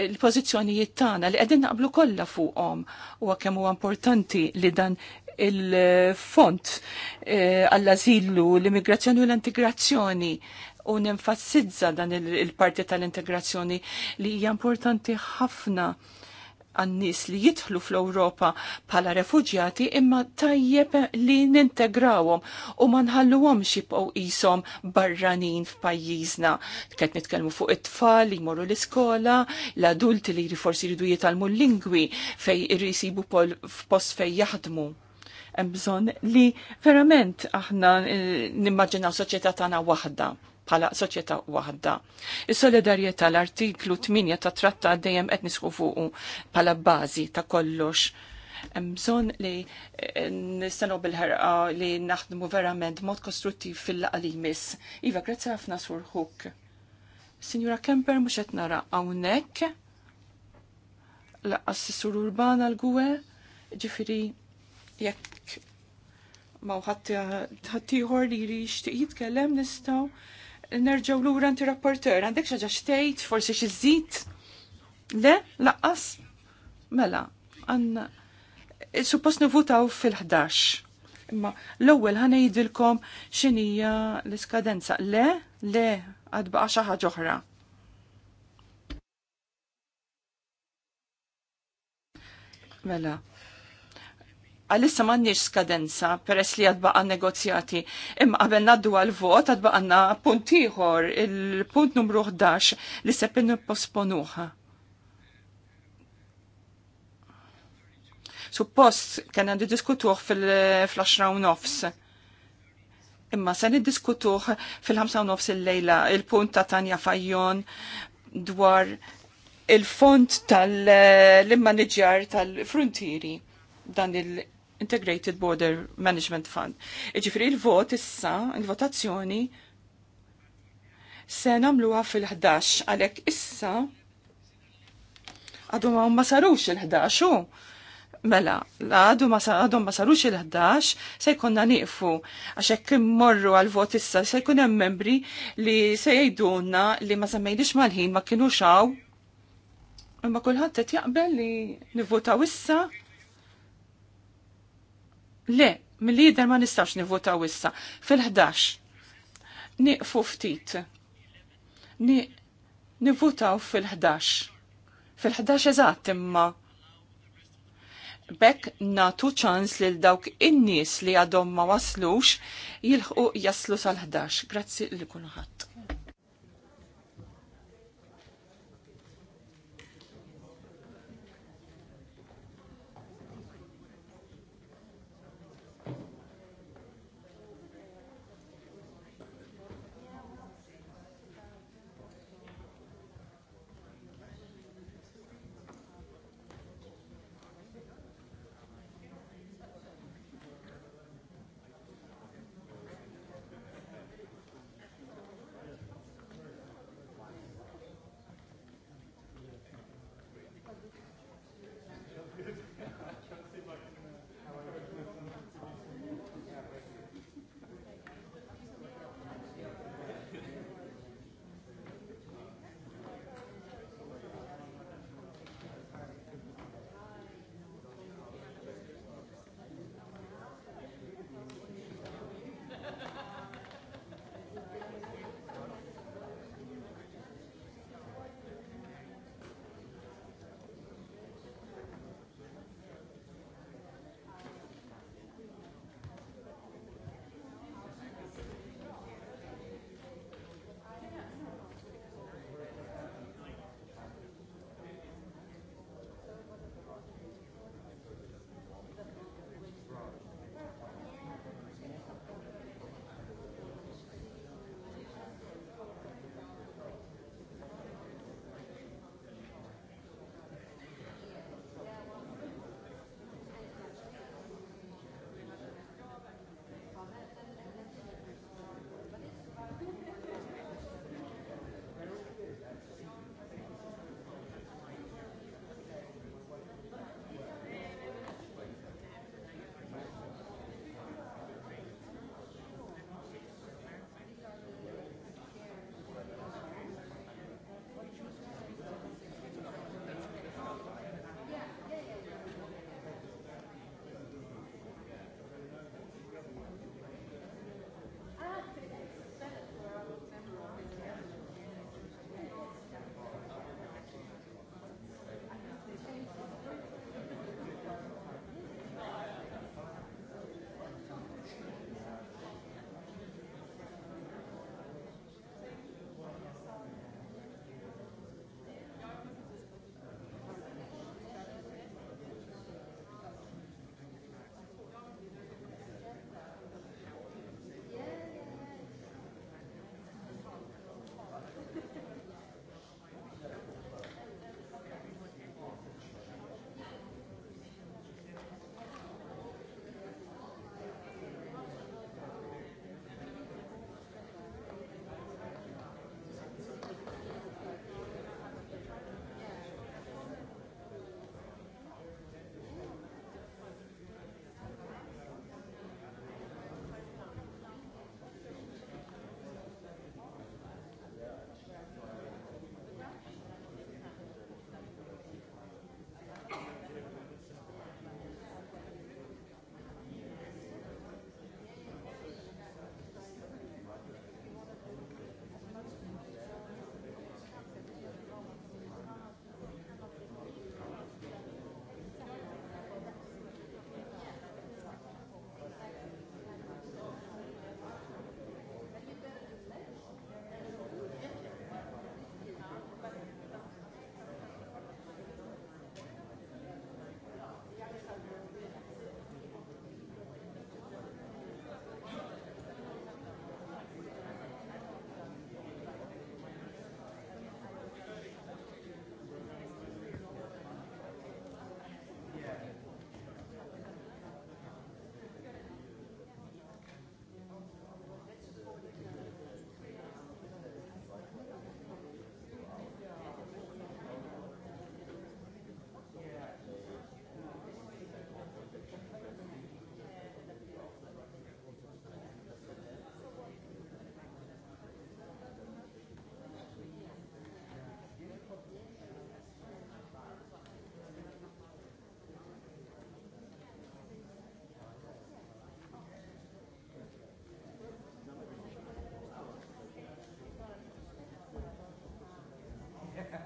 l-pożizzjonijiet tagħna li qegħdin naqblu kollha fuqhom u kemm huwa importanti li dan il-font eh, għall-azillu, l-immigrazzjoni u l-integrazzjoni u nenfassizza dan il-parti tal-integrazzjoni li hija importanti ħafna għannis li jidħlu fl-Europa pala refugjati imma tajjeb li nintegrawhom u ma nħalluhomx jibqgħu qishom barranin f'pajjiżna. Kett nitkellmu fuq it-tfal li jmorru l-iskola, l-adulti li forsi jridu jitalmu l-lingwi fej irrisibu post fej jaħdmu hemm bżonn li verament aħna eh, nimmaġinaw soċjetà tagħna waħda bħala soċieta waħda. Is-solidarjetà l-artiklu 8 ta' tratta dejjem qed nisħu fuqu bħala bażi ta' kollox. Hemm bżonn li eh, nistanu bil ħarqa li naħdmu verament mod kostruttiv fil-qalimis. Iva, grazzi ħafna sur Signora Kemper mhux qed nara hawnhekk. L-assessur urbana l-gwe, ġifiri Jekk ma ħaddieħor li jixtieq jitkellem nistgħu nerġgħu lura inti rapporter. Għandek xi xtejt, forsi xi żid? Le, laqqas? Mela, għanna, suppost nivutaw fil-11. Imma l-ewwel ħanejdilkom x'inija l-iskadenza. Le, le, għad baqa' xi ħaġa oħra. Mela, għalissa m'għandniex skadenza peress li għadbaqa negozjati. Imma qabel naddu għal-vot għadbaqa punt ieħor, il-punt numru 11 li sepp posponuħa. Suppost kena għandi diskutuħ fil-10 nofs. Imma se niddiskutuh fil-5 nofs il-lejla il-punt ta' Tanja Fajjon dwar il-font tal-immaniġjar tal-frontieri dan il- Integrated Border Management Fund. Iġifri il-vot issa, il-votazzjoni, se namluha fil-11, għalek issa għadu ma sarux il-11, u mela, għadu ma sarux il-11, se jkunna niqfu, għaxek kim morru għal-vot issa, se jkun hemm membri li se jgħidulna li ma zammejdix mal-ħin ma kienu xaw, imma kullħat qed jaqbel li nivvotaw issa Le, mill-lider ma nistax nivvotaw wissa. Fil-11, niqfu ftit. u fil-11. Fil-11 eżat imma. Bekk natu ċans li l dawk in-nies li għadhom ma waslux jilħu jaslu sal-11. Grazzi li kulħadd.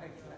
Thank you.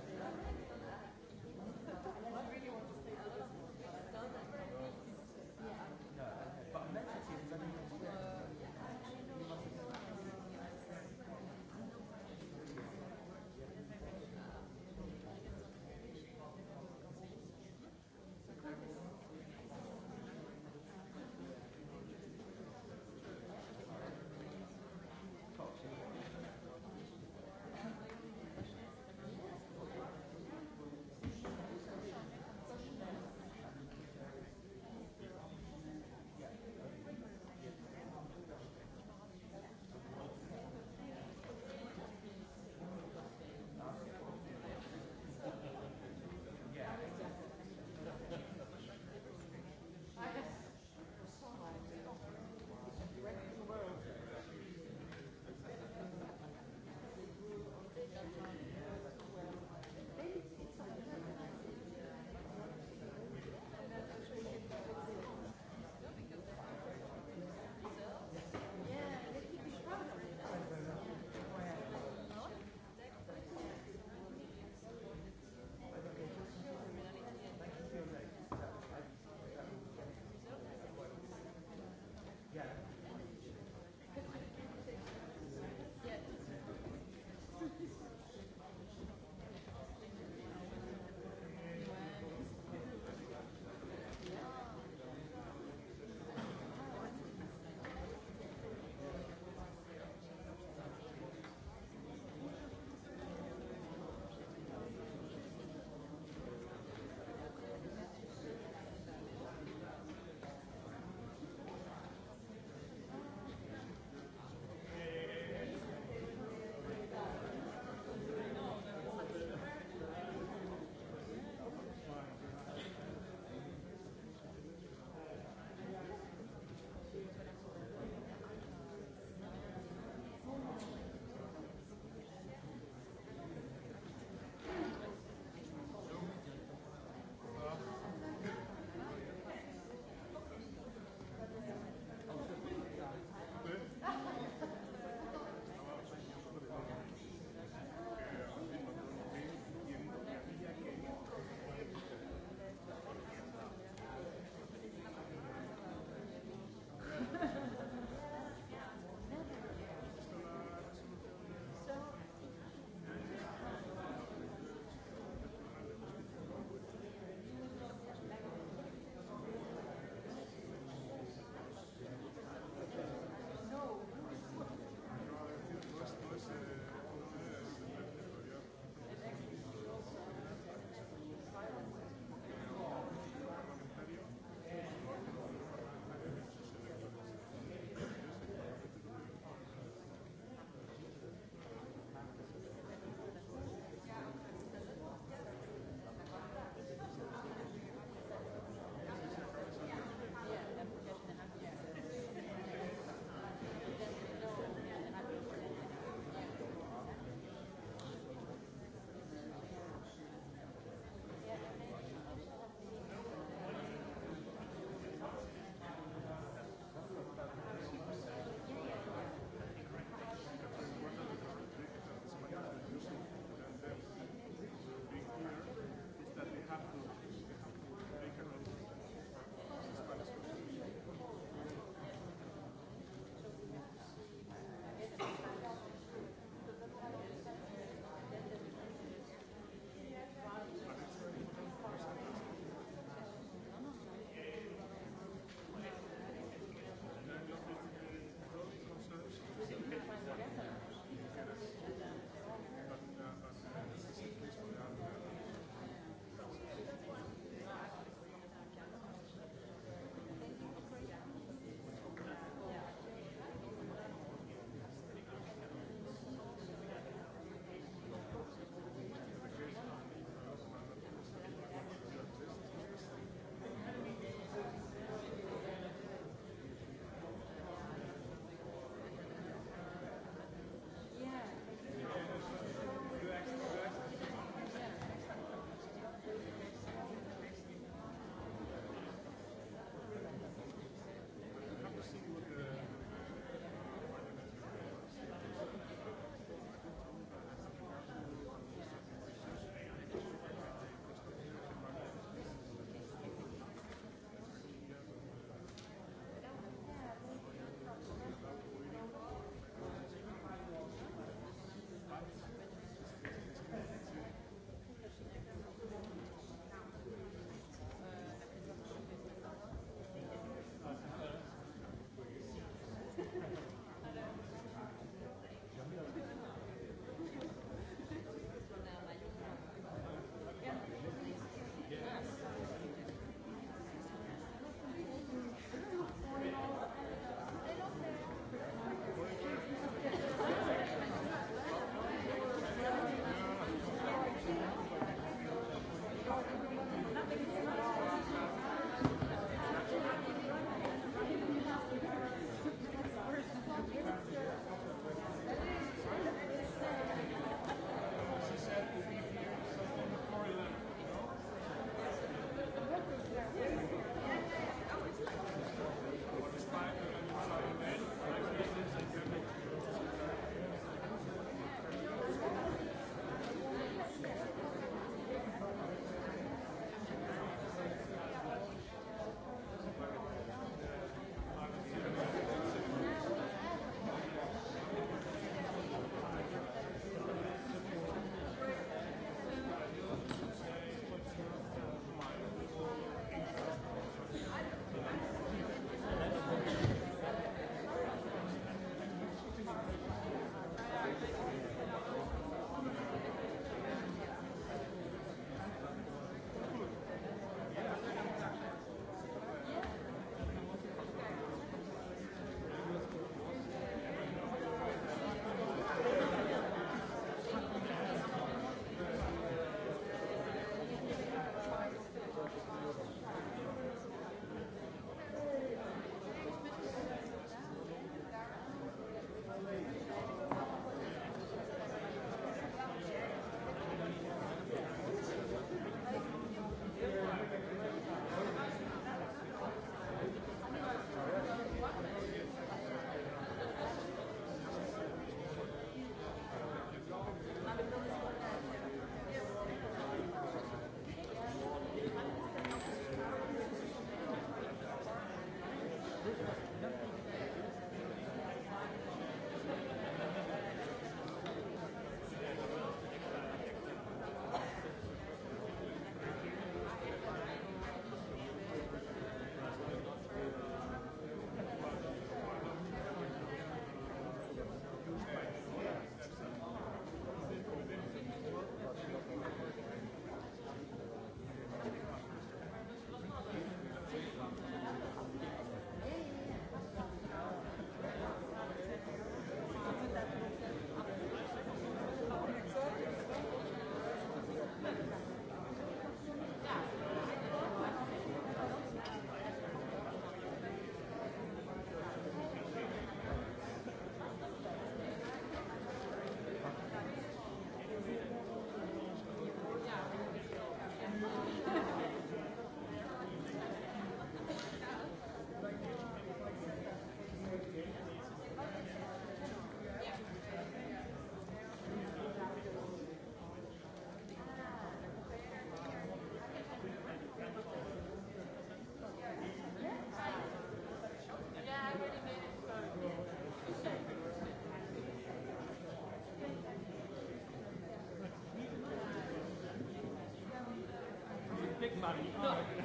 Parli.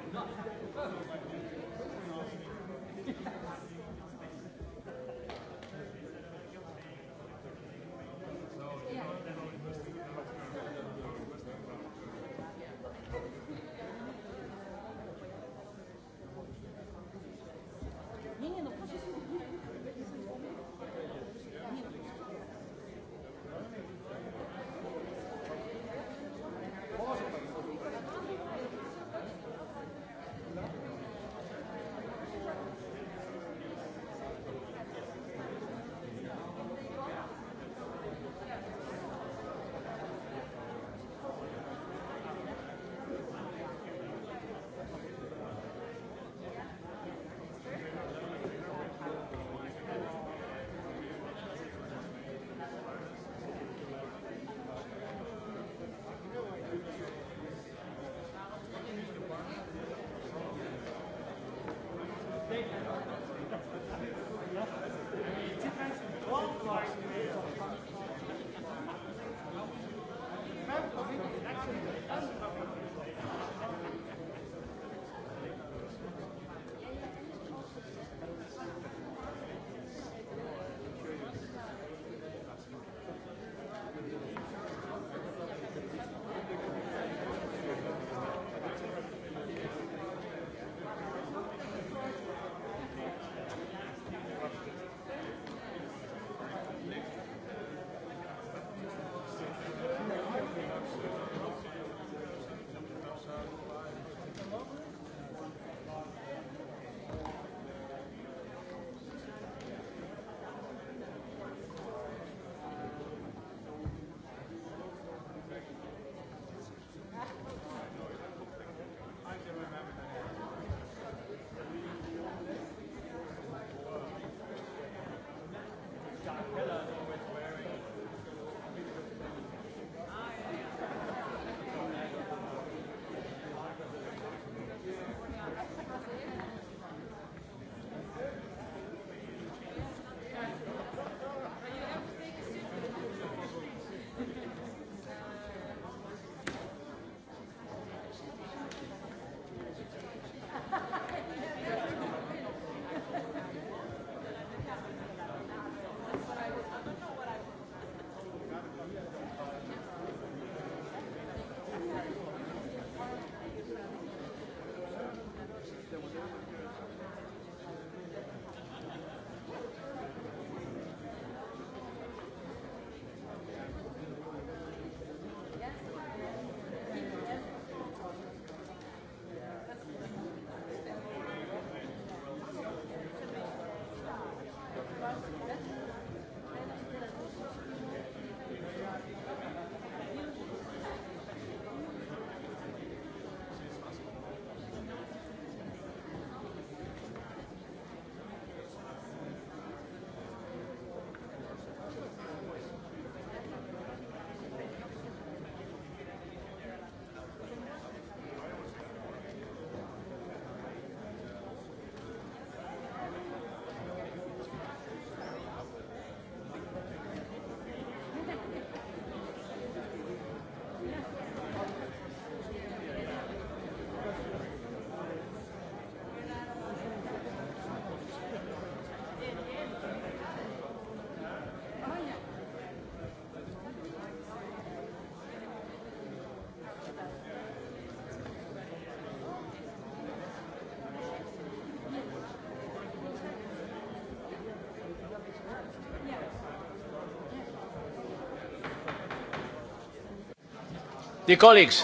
Dear colleagues,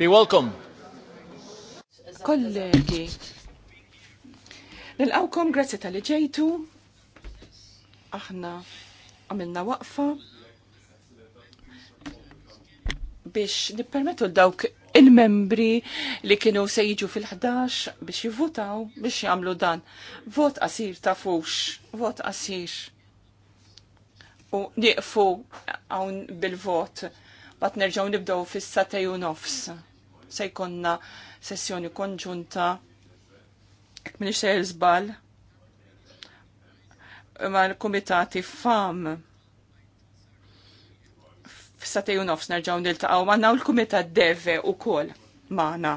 be welcome. Kollegi, nil-għawkom grazzi tal ġejtu, aħna għamilna waqfa biex nippermetu dawk il-membri li kienu se jiġu fil-11 biex jivvotaw biex jagħmlu dan. Vot qasir ta' fux, vot qasir. U nieqfu għawn bil-vot bat nerġaw nibdow fis-satej nofs. Se jkonna sessjoni konġunta minix se jizbal ma l-komitati fam fissa u nofs nerġaw nil-taqaw ma l-komitat deve u kol maħna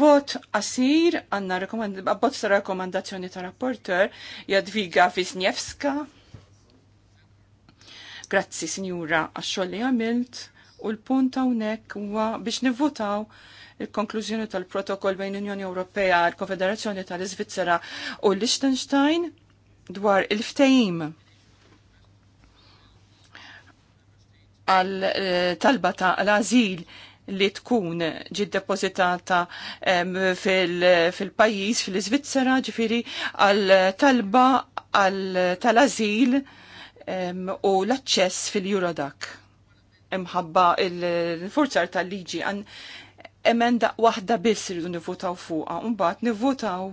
vot asir għanna abbozza rekomandazzjoni ta' rapporter Jadviga Wisniewska Grazzi, Sinjura, għaxxol li għamilt u l-punt hawnhekk huwa biex nivvotaw il-konklużjoni tal-protokoll bejn Unjoni Ewropea, l-Konfederazzjoni tal-Iżvizzera u l-Liechtenstein dwar il-ftehim għal talba ta' l-azil li tkun ġi depozitata fil-pajis, fil-Iżvizzera, ġifiri għal talba għal tal-azil u l-aċċess fil-Eurodac imħabba il-forzar tal-liġi għan emenda wahda biss irridu nivutaw fuqa, unbat nivutaw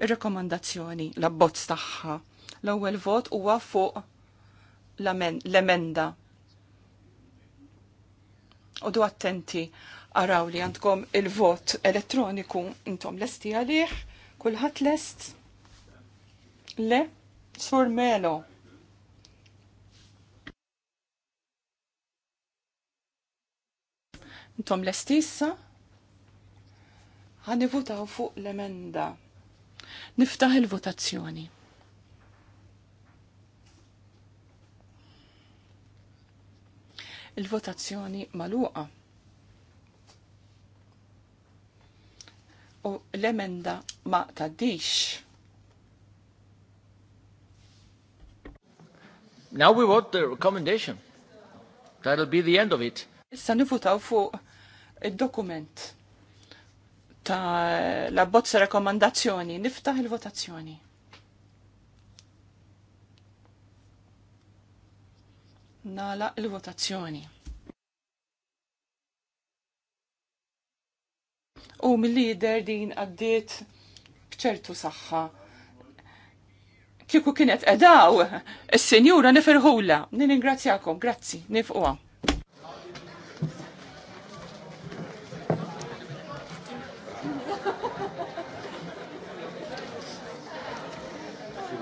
il-rekomandazzjoni, la bot tagħha. L-ewwel vot huwa fuq l-emenda. du attenti, araw li għandkom il-vot elettroniku intom lesti għalih, kulħadd est Le, sur melo. Ntom l-estissa? votaw fuq l-emenda. Niftaħ il-votazzjoni. Il-votazzjoni maluqa. U l-emenda ma taddix. Now we vote the recommendation. That'll be the end of it. Issa nifutaw fuq il-dokument ta' la bozza rekomandazzjoni. Niftaħ il-votazzjoni. Nala il-votazzjoni. U mill-lider din għaddiet bċertu saħħa kieku kienet edaw, il-senjura nifirħula, ingrazzjakom, grazzi, nifqwa.